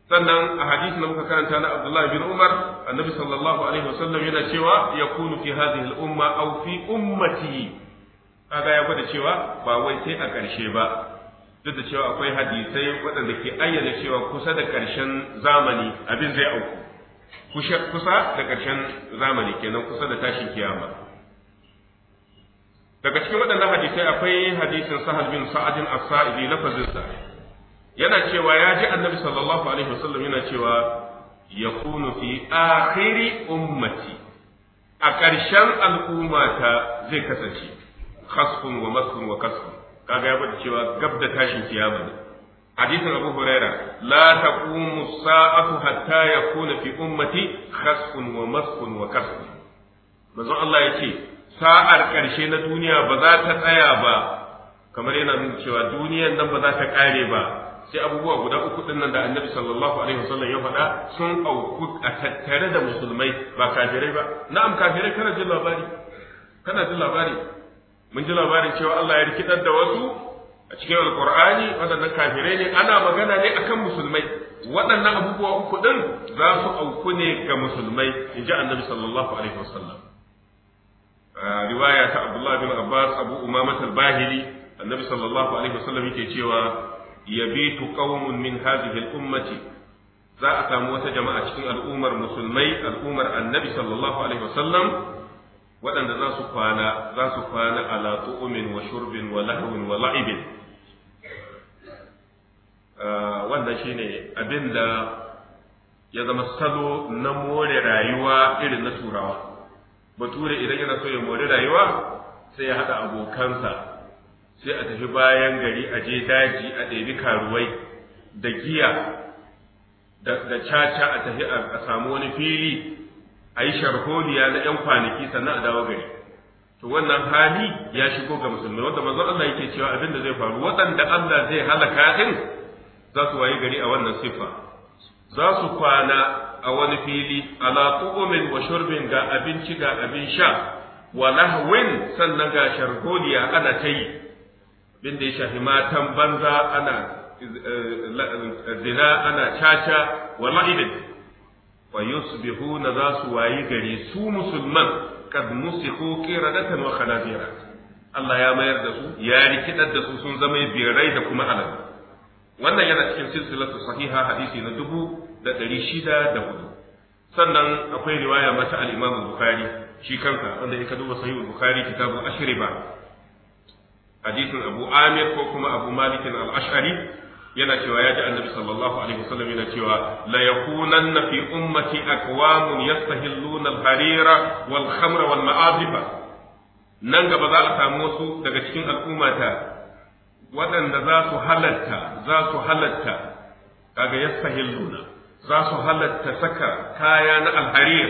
sannan a hadisi na muka karanta na Abdullah bin Umar annabi sallallahu alaihi wasallam yana cewa kunu fi hadhihi al-umma aw fi ummati kaga ya gwada cewa ba wai sai a ƙarshe ba duk da cewa akwai hadisai waɗanda ke ayyana cewa kusa da ƙarshen zamani abin zai auku kusa da ƙarshen zamani kenan kusa da tashin kiyama daga cikin waɗannan hadisai akwai hadisin sahal bin sa'adin as-sa'idi lafazin sa'id yana cewa ya ji annabi sallallahu alaihi wasallam yana cewa yakunu fi akhiri ummati a ƙarshen al'ummata zai kasance khasfun wa maskun wa kasfun kaga ya bada cewa gab da tashin kiyama ne hadisin abu huraira la taqumu sa'atu hatta yakuna fi ummati khasfun wa maskun wa kasfun manzon Allah ya ce sa'ar ƙarshe na duniya ba za ta tsaya ba kamar yana nuna cewa duniyar nan ba za ta ƙare ba sai abubuwa guda uku din nan da annabi sallallahu alaihi wasallam ya faɗa sun auku a tattare da musulmai ba kafirai ba na'am kafirai kana jin labari kana jin labari mun ji labarin cewa Allah ya rikidar da wasu a cikin alqur'ani waɗannan kafirai ne ana magana ne akan musulmai waɗannan abubuwa uku din za su auku ne ga musulmai in ji annabi sallallahu alaihi wasallam riwaya ta Abdullahi bin Abbas Abu Umamah al-Bahili annabi sallallahu alaihi wasallam yake cewa yabitu qaumun min hadhihi al-ummati za a samu wata jama'a cikin al'ummar musulmai al'ummar annabi sallallahu alaihi wasallam waɗanda za su kwana ala tu'umin wa shurbin wa lahwin wa la'ibin ah, wannan shine abinda ya zama salo na more rayuwa irin na turawa bature idan yana so ya more rayuwa sai ya haɗa abokansa sai a tafi bayan gari a je daji a ɗebi karuwai da giya da caca a tafi a samu wani fili a yi sharholiya na 'yan kwanaki sannan a dawo gari to wannan hali ya shigo ga musulmi wanda manzon Allah yake cewa abin da zai faru waɗanda Allah zai halaka din za su wayi gari a wannan sifa za su kwana a wani fili ala tu'min wa shurbin ga abinci ga abin sha wa lahwin sannan ga sharholiya ana ta yi bin da ya shafi matan banza ana eh, zina ana caca wa la'ibin fa na za su wayi gari su musulman kad musiku qiradatan wa khanazira Allah ya mayar da su ya rikidar da su sun zama birai da kuma alal wannan yana cikin silsilatu sahiha hadisi na dubu da ɗari shida da hudu sannan akwai riwaya mata al-Imam Bukhari shi kanka wanda in ka duba sahih Bukhari kitabu ashriba hadisin abu amir ko kuma abu malik al-ash'ari yana cewa ya ji annabi sallallahu alaihi wasallam yana cewa la yakunanna fi ummati aqwamun yastahilluna al-harira wal khamra wal ma'azifa nan gaba za a samu wasu daga cikin al'ummata waɗanda za su halatta za su halatta kaga yastahilluna za su halatta saka kaya na alharir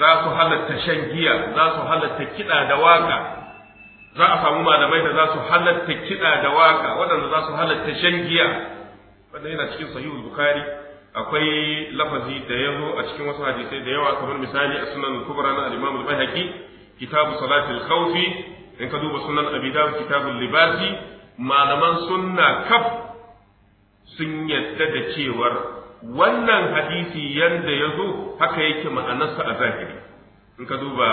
za su halatta shan giya za su halatta kiɗa da waka za a samu malamai da za su halatta kiɗa da waka waɗanda za su halatta shan giya wanda yana cikin sahihul bukhari akwai lafazi da ya zo a cikin wasu hadisai da yawa kamar misali a sunan kubra na al-imam al-baihaqi kitabu salatil khawfi in ka duba sunan abi dawud libasi malaman sunna kaf sun yadda da cewar wannan hadisi yanda ya zo haka yake ma'anarsa a zahiri in ka duba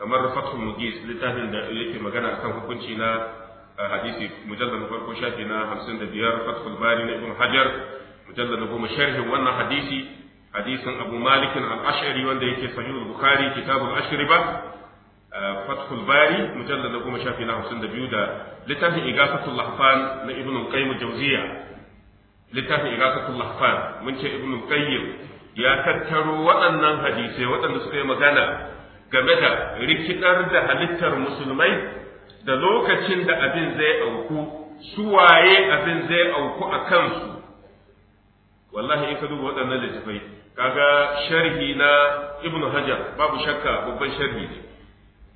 kamar fathul mugis littafin da yake magana akan hukunci na eh, hadisi mujallal farko shafi na 55 fathul bari na ibn hajar mujallal goma sharhin wannan hadisi hadisin abu malik al-ash'ari wanda yake sahih bukhari kitabul ba eh, fathul bari mujallal goma shafi na 52 da littafin igafatul lahfan na ibn al-qayyim jawziya littafin igafatul lahfan mun ce ibn al-qayyim ya tattaro waɗannan hadisai waɗanda suka yi magana game da rikidar da halittar musulmai da lokacin da abin zai auku su waye abin zai auku a kansu wallahi in ka duba waɗannan littafai kaga sharhi na ibnu hajar babu shakka babban sharhi ne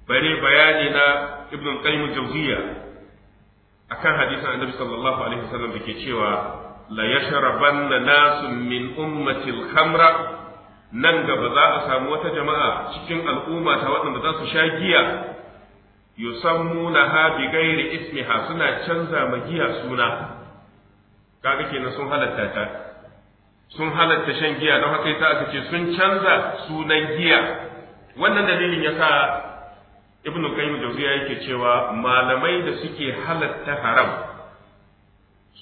bare bayani na ibnu qayyim jawziya akan hadisin annabi sallallahu alaihi wasallam dake cewa la yashrabanna nasun min ummati al-khamra nan gaba za a samu wata jama'a cikin al'umma ta waɗanda za su sha giya yusammuna ha bi ghairi ismiha suna canza ma giya suna kaga kenan sun halatta ta sun halatta shan giya don haka yasa aka ce sun canza sunan giya wannan dalilin yasa ibnu qayyim jawziya yake cewa malamai da suke halatta haram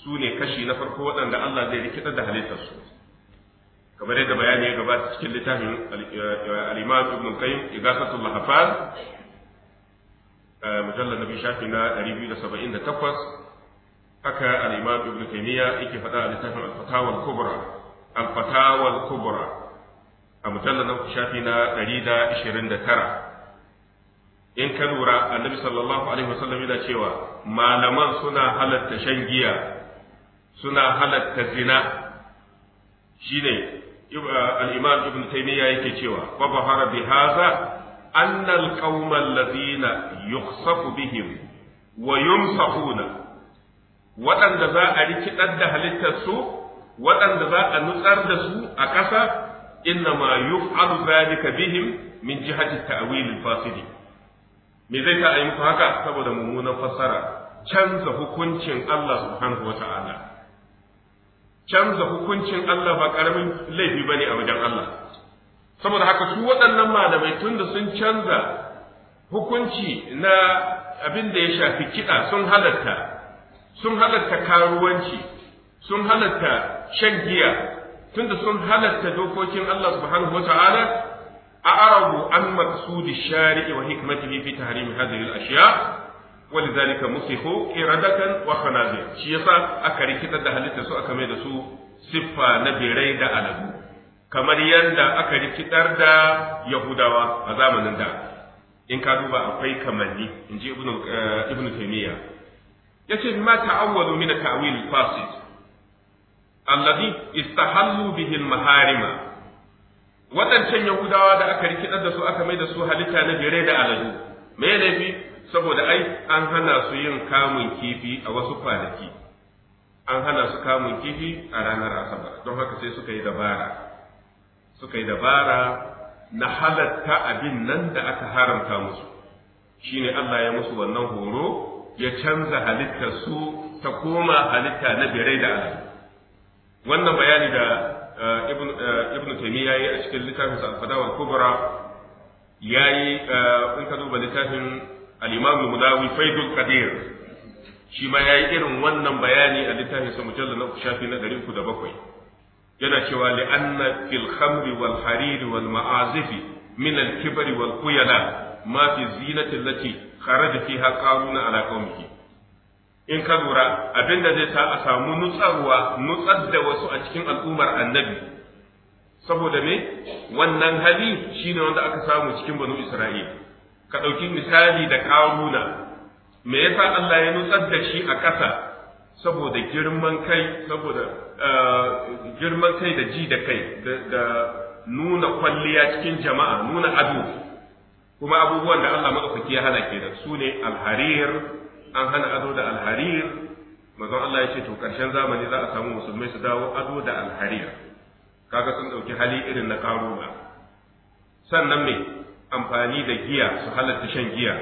su ne kashi na farko waɗanda Allah zai rikida da halittarsu su kamar yadda bayani ya gabata cikin littafin al-Imam Ibn Qayyim Igasatul Lahfaz eh, mujallal nabi shafi na 278 haka al-Imam Ibn Taymiyyah yake faɗa a littafin al-Fatawa al-Kubra al-Fatawa al-Kubra a mujallal nabi shafi na 129 in ka lura annabi sallallahu alaihi wasallam yana cewa malaman suna halatta shan giya suna halatta zina shine uh, al-imam ibn taymiya yake cewa wa bahara bi hadha anna al-qauma alladhina bihim wa yumsahuna waɗanda za a rikidar da halittar su waɗanda za a nutsar da su a ƙasa inna ma yuf'alu dhalika bihim min jihati ta'wil fasidi me zai ta ayi haka saboda mummunan fassara canza hukuncin Allah subhanahu wa ta'ala canza hukuncin Allah ba karamin laifi ne a wajen Allah saboda haka su waɗannan malamai tun da sun canza hukunci na abin da ya shafi kiɗa sun halatta sun halatta karuwanci sun halatta shan giya tunda sun halatta dokokin Allah subhanahu wata'ala a arabu an maqsudi shari'i wa hikmatihi fi tahrim hadhihi al-ashya ko Shi ولذلك مسخوا إرادة وخنازير شيسا أكريكتا دهالتا سو su siffa na نبيري da ألبو kamar yadda aka rikitar da Yahudawa a zamanin da in ka duba akwai kamanni in ji ibnu taymiya yace ma ta'awwalu min ta'wil fasid alladhi istahallu bihi al-maharima wadancan Yahudawa da aka rikitar da su aka mai da su halitta na bere da aladu me laifi saboda ai an hana su yin kamun kifi a wasu kwanaki an hana su kamun kifi a ranar asabar don haka sai suka yi dabara suka yi dabara na halatta abin nan da aka haramta musu shine Allah ya musu wannan horo ya canza halittar su ta koma halitta na birai da Allah wannan bayani da eh, ibn eh, taymiya yayi a cikin littafin sa fadawa kubra yayi eh, in ka duba littafin al-imam al-mudawi faidul qadir shi ma yayi irin wannan bayani a littafin sa mujallal na shafi na 307 yana cewa li anna fil khamri wal hariri wal ma'azifi min al-kibri wal khuyala ma fi zinati allati kharaja fiha qaruna ala qaumihi in ka lura da zai ta a samu nutsarwa nutsar da wasu a cikin al'ummar annabi saboda me wannan hali shi ne wanda aka samu cikin bani isra'ila ka ɗauki misali da ƙaruna me yasa Allah ya nutsar da shi a ƙasa saboda girman kai saboda eh, girman kai da ji da kai da nuna kwalliya cikin jama'a nuna ado kuma abubuwan da Allah maɗaukaki ya hana da su ne alharir an hana ado da alharir mazan Allah ya ce to ƙarshen zamani za a samu musulmai su dawo ado da alharir kaga sun ɗauki hali irin na ƙaruna sannan me amfani da giya su halatta shan giya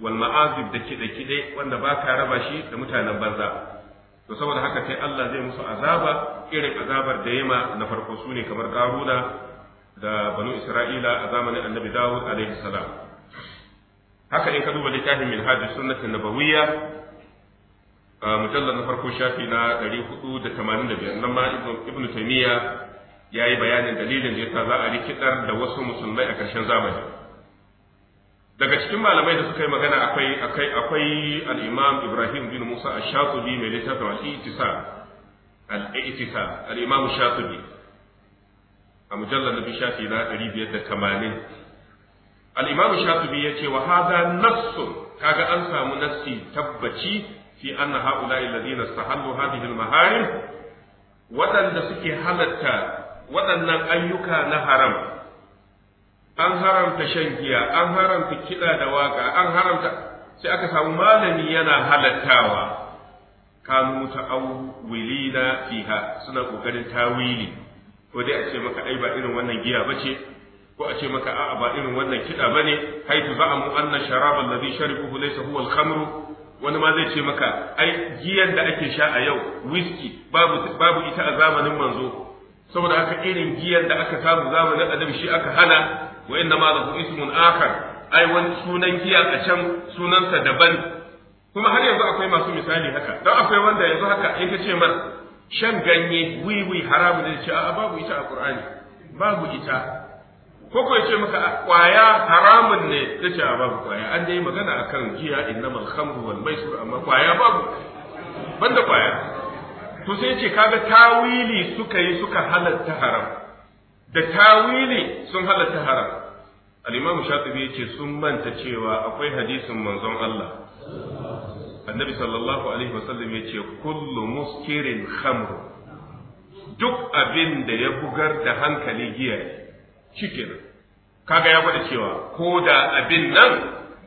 wal ma'azib da kiɗe-kiɗe wanda ba ka raba shi da mutanen banza to saboda haka sai Allah zai musu azaba irin azabar da yema na farko su ne kamar ƙaruna da banu Isra'ila a zamanin annabi Dawud alaihi salam haka in ka duba littafin minhajus sunnatin nabawiyya mujallar na farko shafi na 485 nan ma ibnu taymiya ya yi bayanin dalilin da yasa za a rikidar da wasu musulmai a ƙarshen zamani daga cikin malamai da suka yi magana akwai akwai akwai al-Imam Ibrahim bin Musa Ash-Shatibi mai littafin al-Itisa al-Itisa al-Imam Shatibi a mujallar na shafi na 580 al-Imam Shatibi yace wa hadha nassun kaga an samu nassi tabbaci fi anna ha'ula'i alladhina istahallu hadhihi al-maharim waɗanda suke halatta waɗannan ayyuka na haram an haramta shan giya an haramta kiɗa da waƙa. an haramta sai aka samu malami yana halattawa kanu na fiha suna kokarin tawili ko dai a ce maka ai ba irin wannan giya bace ko a ce maka a'a ba irin wannan kida bane haitu za'amu anna sharaba alladhi sharibuhu laysa huwa al-khamru wani ma zai ce maka ai giyan da ake sha a yau whisky babu babu ita a zamanin manzo saboda haka irin giyar da aka samu zamanin annabi shi aka hana wa inna ma lahu ismun akhar ai wani sunan giya a can sunansa daban kuma har yanzu akwai masu misali haka don akwai wanda yanzu haka in ka ce mar shan ganye wiwi haramu ne ce a babu ita a qur'ani babu ita ko ko ce maka kwaya haramun ne yace a babu kwaya an dai magana akan giya innamal khamru wal maisur amma kwaya babu banda kwaya to sai ce kaga tawili suka yi suka halatta haram da tawili sun halatta haram al-imamu shatibi yace sun manta cewa akwai hadisin manzon Allah annabi sallallahu alaihi wasallam yace kullu muskirin khamr duk abin da ya bugar da hankali giya cikin kaga ya gwada cewa ko da abin nan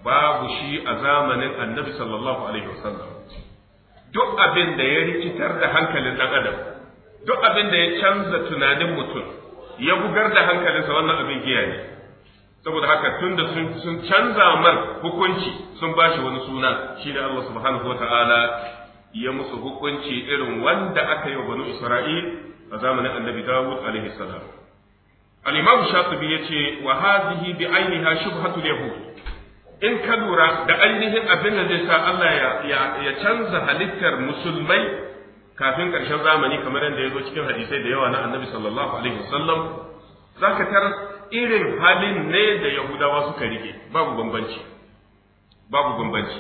babu shi a zamanin annabi sallallahu alaihi wasallam duk abin da ya rikitar da hankalin ɗan adam duk abin da ya canza tunanin mutum ya bugar da hankalinsa wannan abin giya ne saboda haka tun da sun canza mar hukunci sun ba shi wani suna shi da Allah subhanahu ta'ala ya musu hukunci irin wanda aka yi wa banu Isra'il a zamanin annabi Dawud alaihi salam al-imam Shatibi yace wa hadhihi bi ainiha shubhatul yahud in ka lura da ainihin abin da zai sa Allah ya canza halittar musulmai kafin ƙarshen zamani kamar yadda ya zo cikin hadisai da yawa na annabi sallallahu alaihi wasallam za ka tarar irin halin ne da yahudawa suka rike babu bambanci babu bambanci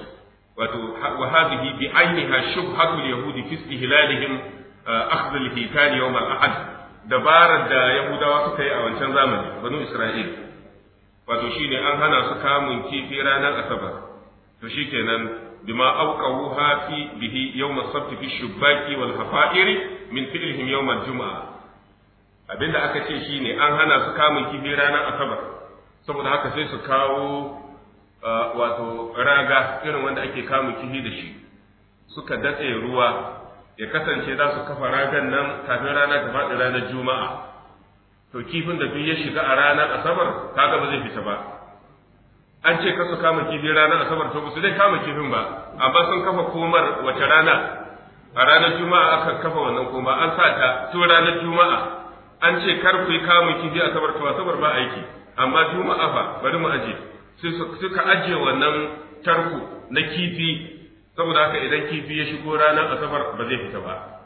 wato wa hadhihi bi ainiha shubhatul yahudi fi istihlalihim uh, akhdh al-hitani yawm al-ahad dabarar da yahudawa suka yi a wancan zamani banu Isra'ila. wato shine an hana su kamun kifi ranar asabar to shi kenan bima auqahu hafi bihi yawm as-sabt fi shubbaki wal hafa'iri min fi'lihim yawm al-jum'a abinda aka ce shine an hana su kamun kifi ranar asabar saboda haka sai su kawo wato raga irin wanda ake kamun kifi da shi suka datse ruwa ya kasance za su kafa ragan nan kafin rana ta faɗi ranar juma'a to kifin da duk ya shiga a ranar asabar kaga ba zai fita ba an ce kasu kama kifi ranar asabar to ba su zai kama kifin ba amma sun kafa komar wace rana a ranar juma'a aka kafa wannan koma an sa ta tun ranar juma'a an ce kar ku yi kama kifi asabar to asabar ba aiki amma juma'a fa bari mu aje sai suka aje wannan tarko na kifi saboda haka idan kifi ya shigo ranar asabar ba zai fita ba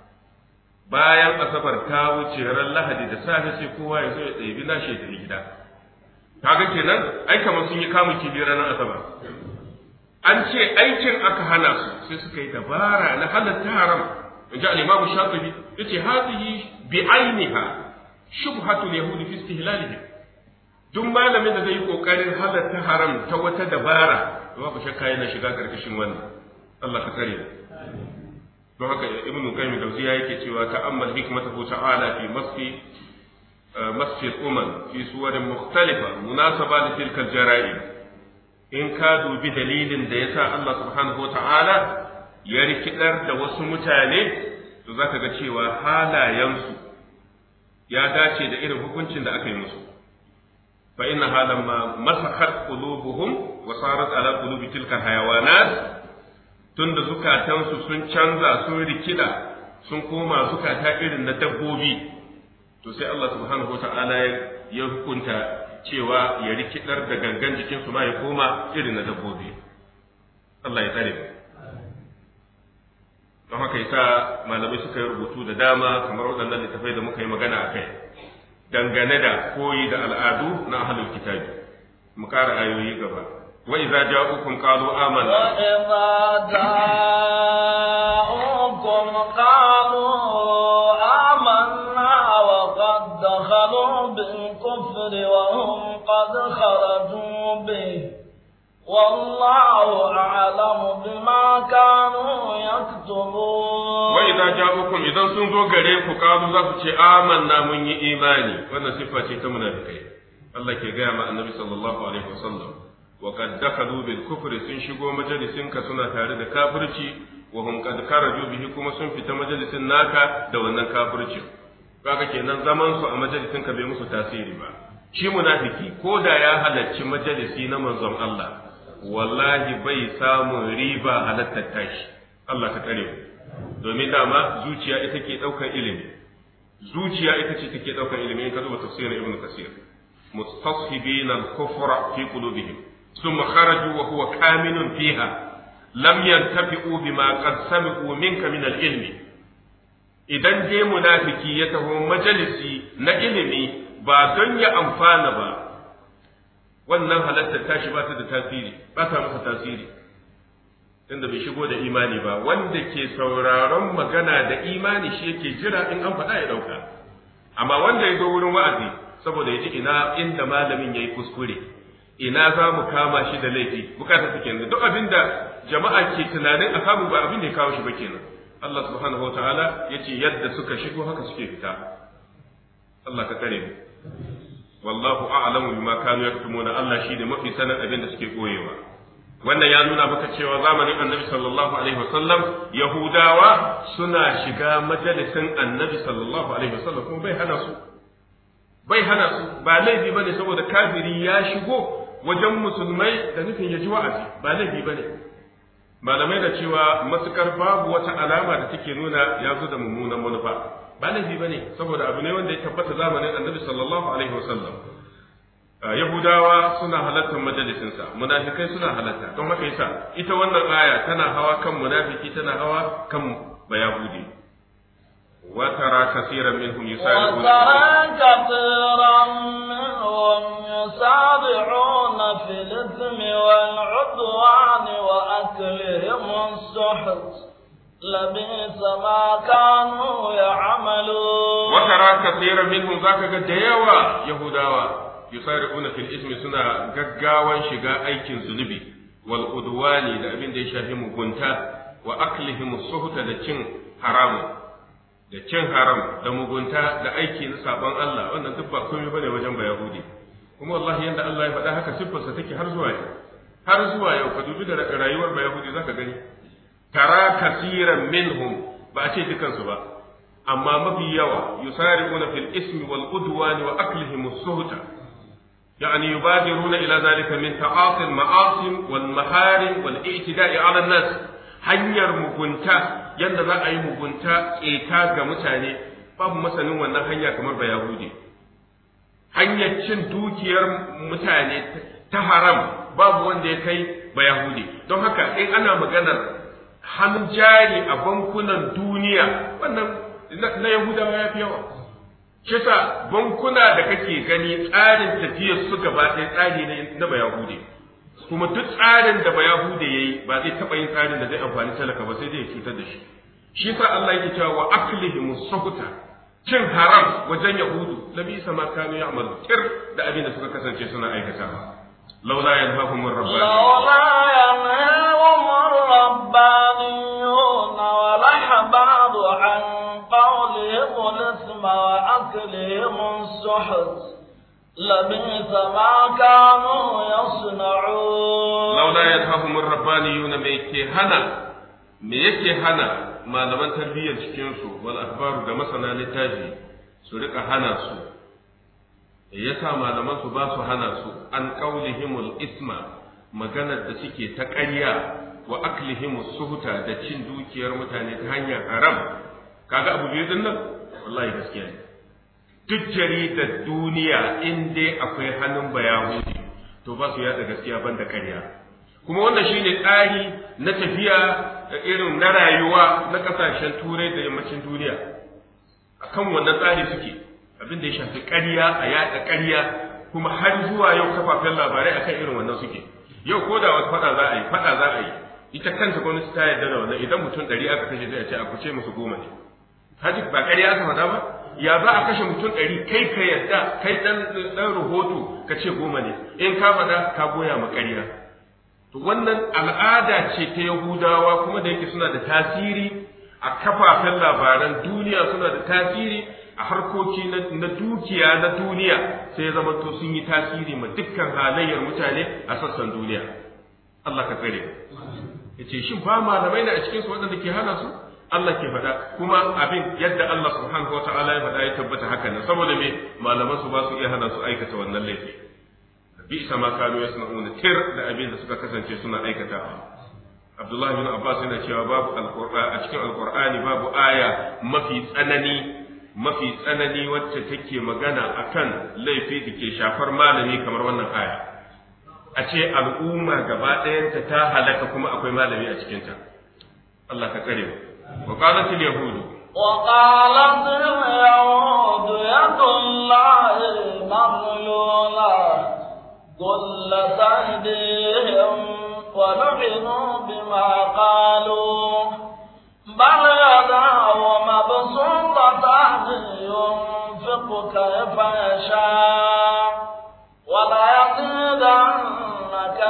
bayan asabar ta wuce ran lahadi da safe sai kowa ya zo ya ɗebi na shi da gida kaga kenan ai kamar sun yi kamun kibi ranar asabar an ce aikin aka hana su sai suka yi dabara na halatta haram in ji al-imamu shafi'i yace hadihi bi ainiha shubhatu yahudi fi istihlalihi duk malamin da zai yi kokarin halatta haram ta wata dabara babu shakka yana shiga karkashin wannan Allah ka kare mu don haka ibnu qayyim dauziya yake cewa ta'ammal hikmatahu ta'ala fi masfi eh, masfi al-umam fi suwarin mukhtalifa munasaba li tilka al-jara'im in ka dubi dalilin da yasa Allah subhanahu ta'ala ya rikidar da wasu mutane to zaka ga cewa halayensu ya dace da irin hukuncin da aka yi musu fa inna halamma masakhat qulubuhum wa sarat ala qulubi tilka hayawanat tunda zukatansu sun canza sun rikida sun koma zukata irin na dabbobi to sai Allah subhanahu wata'ala ya hukunta cewa ya rikidar da gangan jikinsu ma ya koma irin na dabbobi Allah ya tsare don haka yasa malamai suka yi rubutu da dama kamar waɗannan littafai da muka yi magana a kai dangane da koyi da al'adu na ahlul kitabi mu ƙara ayoyi gaba وإذا جاءوكم قالوا آمنا وإذا جاءوكم قالوا آمنا وقد دخلوا بالكفر وهم قد خرجوا به والله أعلم بما كانوا يكتبون وإذا جاءوكم إذا سنتوا قريبك قالوا ذاك آمنا من إيماني وانا صفة تمنى بكي الله كي قام النبي صلى الله عليه وسلم wa qad dakhalu kufri sun shigo majalisin suna tare da kafirci wa hum qad bihi kuma sun fita majalisin naka da wannan kafirci kaga kenan zaman su a majalisin ka bai musu tasiri ba shi munafiki ko da ya halarci majalisi na manzon Allah wallahi bai samun riba halattar tashi Allah ka kare domin dama zuciya ita ke daukar ilimi zuciya ita ce take daukar ilimi in ka duba tafsirin ibnu kasir mustashibina al-kufra fi qulubihim Su kharaju wa huwa fiha lam yantafi'u bima qad sami'u minka min idan dai munafiki ya taho majalisi na ilimi ba don ya amfana ba wannan halartar tashi ba ta da tasiri ba ta masa tasiri inda bai shigo da imani ba wanda ke sauraron magana da imani shi yake jira in an faɗa ya ɗauka amma wanda ya zo wurin wa'azi saboda ya ji ina inda malamin ya yi kuskure ina za mu kama shi da laifi bukatar su kenan duk abin da jama'a ke tunanin a samu ba abin da ya kawo shi ba kenan Allah subhanahu wataala ya ce yadda suka shigo haka suke fita Allah ka kare mu wallahu a'lamu bima kanu yaktumuna Allah shi ne mafi sanin abin da suke koyewa wannan ya nuna maka cewa zamanin annabi sallallahu alaihi wasallam yahudawa suna shiga majalisin annabi sallallahu alaihi wasallam kuma bai hana su bai hana su ba laifi bane saboda kafiri ya shigo wajen musulmai da nufin ya ji wa'azi ba laifi ba ne malamai da cewa matukar babu wata alama da take nuna ya zo da mummunan manufa ba laifi ba ne saboda abu ne wanda ya tabbata zamanin annabi sallallahu alaihi wasallam yahudawa suna halartar majalisinsa munafikai suna halarta don haka yasa ita wannan aya tana hawa kan munafiki tana hawa kan bayahudi وترى كثيرا منهم يسارعون وترى كثيرا منهم يسارعون في الإثم والعدوان وأكلهم السحت لبئس ما كانوا يعملون وترى كثيرا منهم ذاك ديوا يهوداوا يسارعون في الإثم سنة غغاوان شغا أيكن ذنبي والعدوان da abin da ya shafi mugunta wa aklihim suhta da cin haramun da cin haram da mugunta da aiki na sabon Allah wannan duk ba komai bane wajen ba Yahudi kuma wallahi yanda Allah ya faɗa haka siffarsa take har zuwa yau har zuwa yau ka dubi da rayuwar ba Yahudi zaka gani tara kasiran minhum ba a ce dukansu ba amma mafi yawa yusari'una fil ismi wal udwani wa aklihim as-suhta يعني يبادرون إلى ذلك من تعاطي المعاصم والمحارم والاعتداء على الناس hanyar mugunta yadda za a yi mugunta ƙeta ga mutane babu masanin wannan hanya kamar ba yahudi hanyar cin dukiyar mutane ta haram babu wanda ya kai ba yahudi don haka in ana maganar hannun jari a bankunan duniya wannan na yahuda ya fi yawa kisa bankuna da kake gani tsarin tafiyar su gaba ɗaya tsari na ba yahudi kuma duk tsarin da ya yayi ba zai taba yin tsarin da zai amfani talaka ba sai dai cutar da shi shi yasa Allah yake cewa wa aklihim sukuta cin haram wajen yahudu labi sama kanu ya'malu kir da abin da suka kasance suna aikatawa laula yanhahum rabbani laula yanhahum rabbaniyun wa lahabadu an qawlihim al-isma wa aklihim suhut لبئس ما كانوا يصنعون لولا ينهاهم الربانيون ما يكي هنا ما يكي هنا ما لمن تربية cikinsu wal akhbaru da masana littafi su rika hana su yasa malaman su ba su hana su an qaulihimul isma maganar da suke ta ƙarya wa aklihimus suhta da cin dukiyar mutane ta hanyar haram kaga abu biyu din nan wallahi gaskiya ne duk jaridar duniya in dai akwai hannun bayahudi to ba su yada gaskiya da karya kuma wannan shine tsari na tafiya da irin na rayuwa na kasashen turai da yammacin duniya akan wannan tsari suke abin da ya shafi karya a yada karya kuma har zuwa yau kafafen labarai akan irin wannan suke yau ko da wata fada za a yi fada za a yi ita kanta gwamnati ta yarda da wannan idan mutum ɗari aka kashe zai a ce a kuce musu goma ne haji ba ƙarya aka faɗa ba ya za a kashe mutum ɗari kai ka yadda kai ɗan ɗan rahoto ka ce goma ne in ka faɗa ka goya ma ƙarya to wannan al'ada ce ta yahudawa kuma da yake suna da tasiri a kafafen labaran duniya suna da tasiri a harkoki na dukiya na duniya sai zama to sun yi tasiri ma dukkan halayyar mutane a sassan duniya Allah ka tsare ya ce shin ba malamai ne a cikinsu waɗanda ke hana su Allah ke faɗa kuma abin yadda Allah subhanahu wata'ala ya faɗa ya tabbata haka ne saboda me malaman su ba su iya hana su aikata wannan laifi bi sa ma kanu yasna'una tir da abin da suka kasance suna aikata. Abdullahi bin Abbas yana cewa babu alqur'ani a cikin alqur'ani babu aya mafi tsanani mafi tsanani wacce take magana akan laifi da ke shafar malami kamar wannan aya a ce al'umma gaba ɗayanta ta halaka kuma akwai malami a cikinta Allah ka kare mu ọkalaịeaụụ dụa dụlaịị aụlụla dolataddịaalụmbaada aụmaụtụ atadị a ụ pepụta atawaaraeaa ka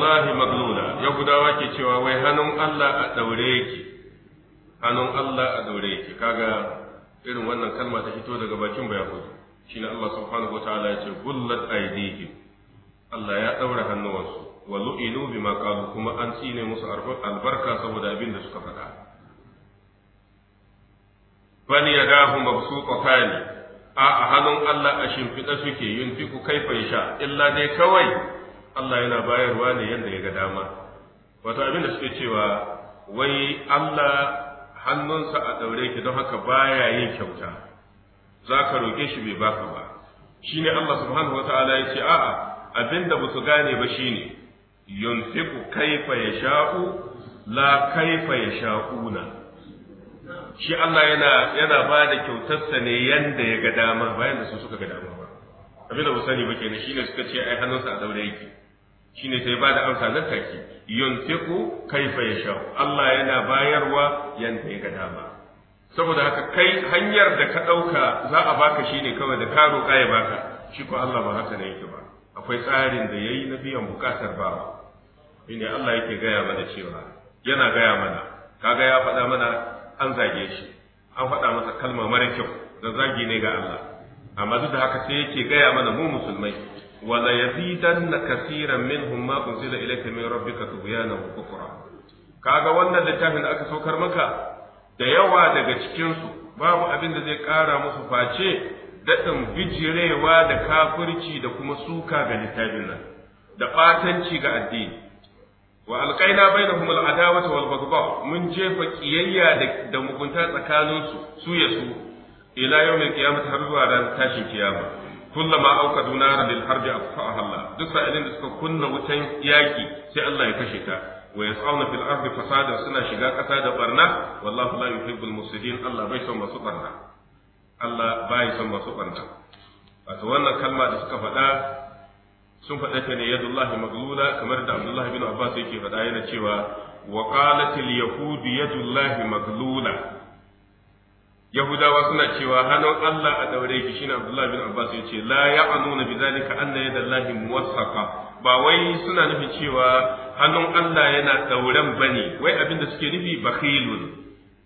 Allah maglula yahudawa كي cewa wai hannun Allah a daure yake hannun Allah a daure yake kaga irin wannan kalma ta fito daga bakin shi shine Allah subhanahu wataala ya ce gullat aydihim Allah ya daura hannuwansu wa lu'inu bima qalu kuma an tsine musu albarka saboda abin da suka faɗa bal yadahu mabsuqatan a hannun Allah a shimfiɗa suke yunfiku kaifa yasha illa dai kawai Allah yana bayarwa ne yadda ya ga dama wato abin da suke cewa wai Allah hannunsa a ɗaure ki don haka baya yin kyauta za ka roƙe shi bai baka ba shi ne Allah subhanahu wa ta'ala ya ce a'a abin da basu gane ba shi ne ku kaifa ya sha'u la kaifa ya sha'una shi Allah yana yana ba da kyautarsa ne yanda ya ga dama bayan da su suka ga dama ba abin da ba sani ba kenan shine suka ce ai hannunsa a ɗaure yake shine sai ba da amsa nan take yunfiqu kaifa yasha Allah yana bayarwa yanda ya ga dama saboda haka kai hanyar da ka ɗauka za a baka shine kawai da ka roƙa ya baka shi ko Allah ba haka ne yake ba akwai tsarin da yayi na biyan bukatar bawa shine Allah yake gaya mana cewa yana gaya mana kaga ya faɗa mana an zage shi an faɗa masa kalma mara kyau da zagi ne ga Allah amma duk da haka sai yake gaya mana mu musulmai wala yazidanna kaseeran minhum ma unzila ilayka min rabbika tubyana Ka kaga wannan littafin da aka saukar maka da yawa daga cikinsu babu abin da zai ƙara musu face daɗin bijirewa da kafirci da kuma suka ga littafin nan da ɓatanci ga addini wa alƙaina bai bainahum al'adawata wal baghdha mun jefa ƙiyayya da mugunta tsakaninsu su ya su ila yau mai kiyama ta har zuwa ran tashin kiyama kullama auqadu naran lil harbi afsaha Allah duk sa'ilin da suka kunna wutan yaki sai Allah ya kashe ta wa auna fil ardi fasada suna shiga kasa da barna wallahu la yuhibbul mufsidin Allah bai son masu barna Allah bai son masu barna wato wannan kalma da suka faɗa sun faɗa ta ne yadullahi maglula kamar da Abdullah bin Abbas yake faɗa yana cewa wa qalatil yahud yadullahi maglula yahudawa suna cewa hannun Allah a daure ki shine Abdullah bin Abbas ce la ya'nuna bidhalika anna yadallahi muwassaqa ba wai suna nufin cewa hannun Allah yana dauren bane wai abinda suke nufi bakhilun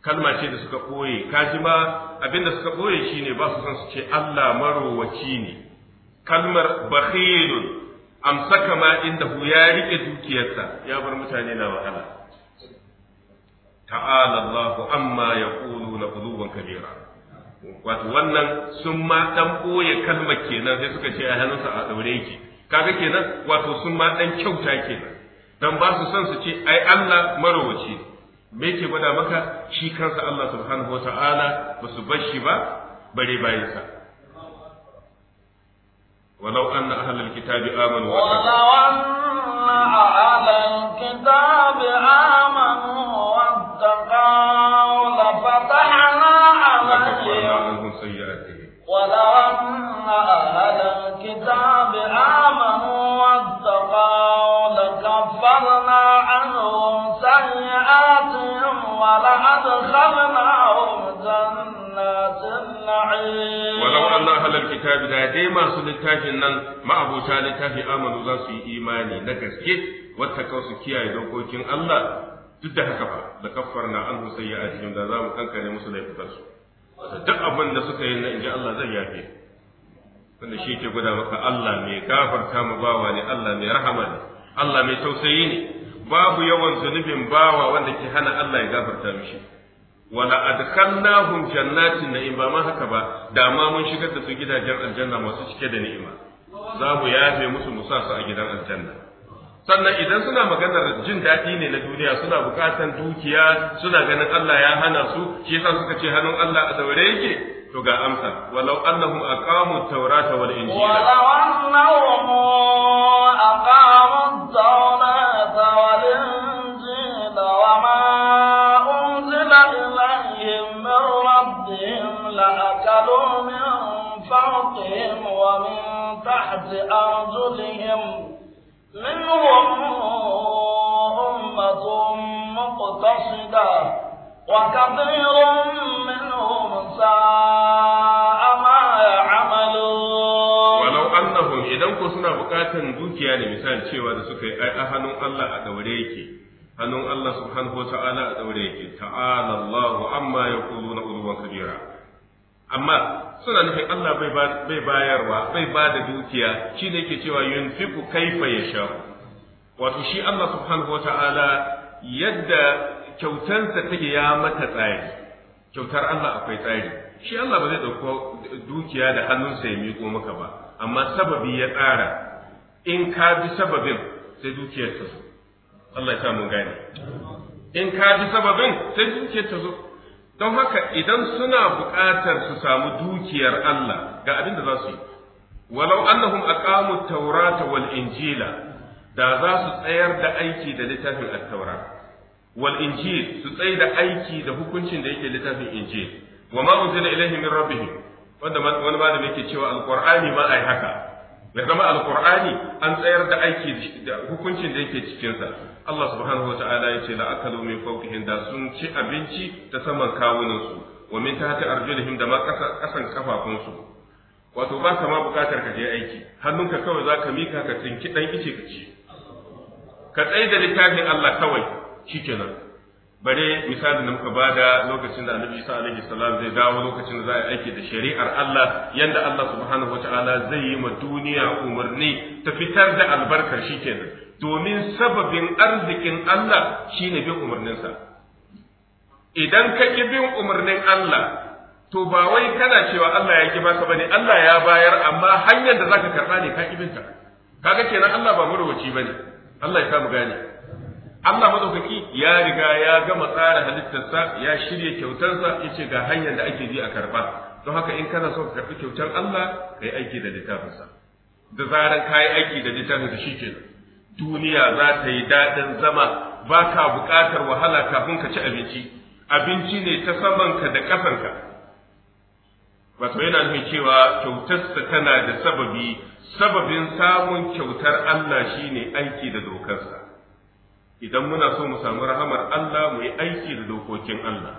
kalma ce da suka koye kaji ma abinda suka koye shine ba su san su ce Allah marowaci ne kalmar bakhilun amsaka ma inda ya rike dukiyarsa ya bar mutane na wahala ta'ala Allahu amma yaquluna quluban kabira wato wannan sun ma dan boye kalmar kenan sai suka ce a hannunsa a daure yake kaga kenan wato sun ma dan kyauta kenan dan ba su son su ce ai Allah marowaci me yake gwada maka shi kansa Allah subhanahu wata'ala ba su bar shi ba bare bayansa ولو أن أهل الكتاب آمنوا ولو أن أهل masu littafin nan ma'abuta littafin amanu za su yi imani na gaske wata kawo su kiyaye dokokin Allah duk da haka ba da na an su a cikin da za mu kankare musu laifukan su duk abin da suka yi na inji Allah zai yafe wanda shi ke guda maka Allah mai gafarta ma bawa ne Allah mai rahama ne Allah mai tausayi ne babu yawan zunubin bawa wanda ke hana Allah ya gafarta mishi wala adkhalnahum jannatin na'im ba ma haka ba da ma mun shigar da su gidajen aljanna masu cike da ni'ima za mu yafe musu musa su a gidan aljanna sannan idan suna maganar jin daɗi ne na duniya suna buƙatar dukiya suna ganin Allah ya hana su shi yasa suka ce hannun Allah a daure yake to ga amsa walau annahum aqamu tawrata wal injila walau annahum aqamu tawrata wal injila wa ma unzila ilayhim min rabbihim la akalu min fawqihim wa min tahti arjulihim bukatan dukiya da misali cewa da suka yi ai a hannun Allah a daure yake hannun Allah subhanahu wa ta'ala a daure yake ta'ala amma ya kulu na ulwa kabira amma suna nufin Allah bai bayarwa bai ba da dukiya shi ne ke cewa fiku kaifa ya sha wato shi Allah subhanahu wa ta'ala yadda kyautansa take ya mata tsari kyautar Allah akwai tsari shi Allah ba zai ɗauko dukiya da hannunsa ya miƙo maka ba amma sababi ya tsara in ka bi sababin sai dukiyar ta zo Allah ya sa mun gane in ka bi sababin sai dukiyar ta zo don haka idan suna buƙatar su samu dukiyar Allah ga abin da za su yi walau annahum aqamu taurata wal injila da za su tsayar da aiki da littafin at-taura wal injil su tsayi da aiki da hukuncin da yake littafin injil wa ma unzila ilaihim min rabbihim wanda wani malami yake cewa alqur'ani ma ai haka ya zama alqur'ani an tsayar da aiki da hukuncin da yake cikin sa Allah subhanahu wa ta'ala ya ce la akalu min fawqihim da sun ci abinci ta saman kawunan su wa min tahti arjulihim da ma kasan kafafun su wato ba ka ma bukatar ka je aiki hannunka kawai zaka mika ka tinki dan ice ka ci ka tsaye da littafin Allah kawai shikenan bare misali da muka bada lokacin da annabi isa alaihi salam zai dawo lokacin da za a aiki da shari'ar Allah yanda Allah subhanahu wataala zai yi ma duniya umarni ta fitar da albarkar shi kenan domin sababin arzikin Allah shine bin umarninsa idan ka ki bin umarnin Allah to ba wai kana cewa Allah ya ki maka bane Allah ya bayar amma hanyar da zaka karba ne ka ki binta kaga kenan Allah ba murwaci bane Allah ya samu gane Allah madaukaki ya riga ya gama tsara halittarsa ya shirya kyautarsa yace ga hanyar da ake bi a karba don haka in kana so ka karbi kyautar Allah kai aiki da littafinsa da zaran kai aiki da littafin da shike duniya za ta yi daɗin zama ba ka buƙatar wahala kafin ka ci abinci abinci ne ta samanka da ƙasanka wato yana nufin cewa kyautarsa tana da sababi sababin samun kyautar Allah shine aiki da dokarsa idan muna so mu samu rahamar Allah mu yi aiki da dokokin Allah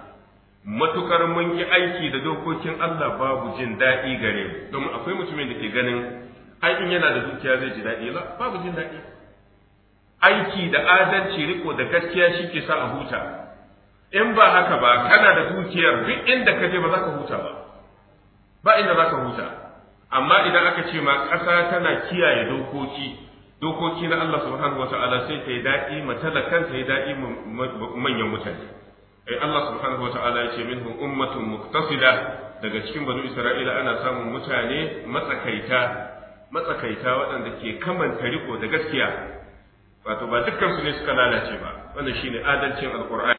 matukar mun yi aiki da dokokin Allah babu jin daɗi gare mu domin akwai mutumin da ke ganin ai in yana da dukiya zai ji daɗi la babu jin daɗi aiki da adalci riko da gaskiya shi ke sa a huta in ba haka ba kana da dukiyar duk inda ka je ba za ka huta ba ba inda za ka huta amma idan aka ce ma ƙasa tana kiyaye dokoki dokoki na Allah subhanahu wa ta'ala sai ta yi daɗi matalakan ta yi daɗi manyan mutane ai eh, Allah subhanahu wa ta'ala ya ce minhum ummatun muqtasida daga cikin banu Isra'ila ana samun mutane matsakaita matsakaita waɗanda ke kamanta riko da gaskiya wato ba dukkan su ne suka lalace ba wannan shine adalcin alqur'ani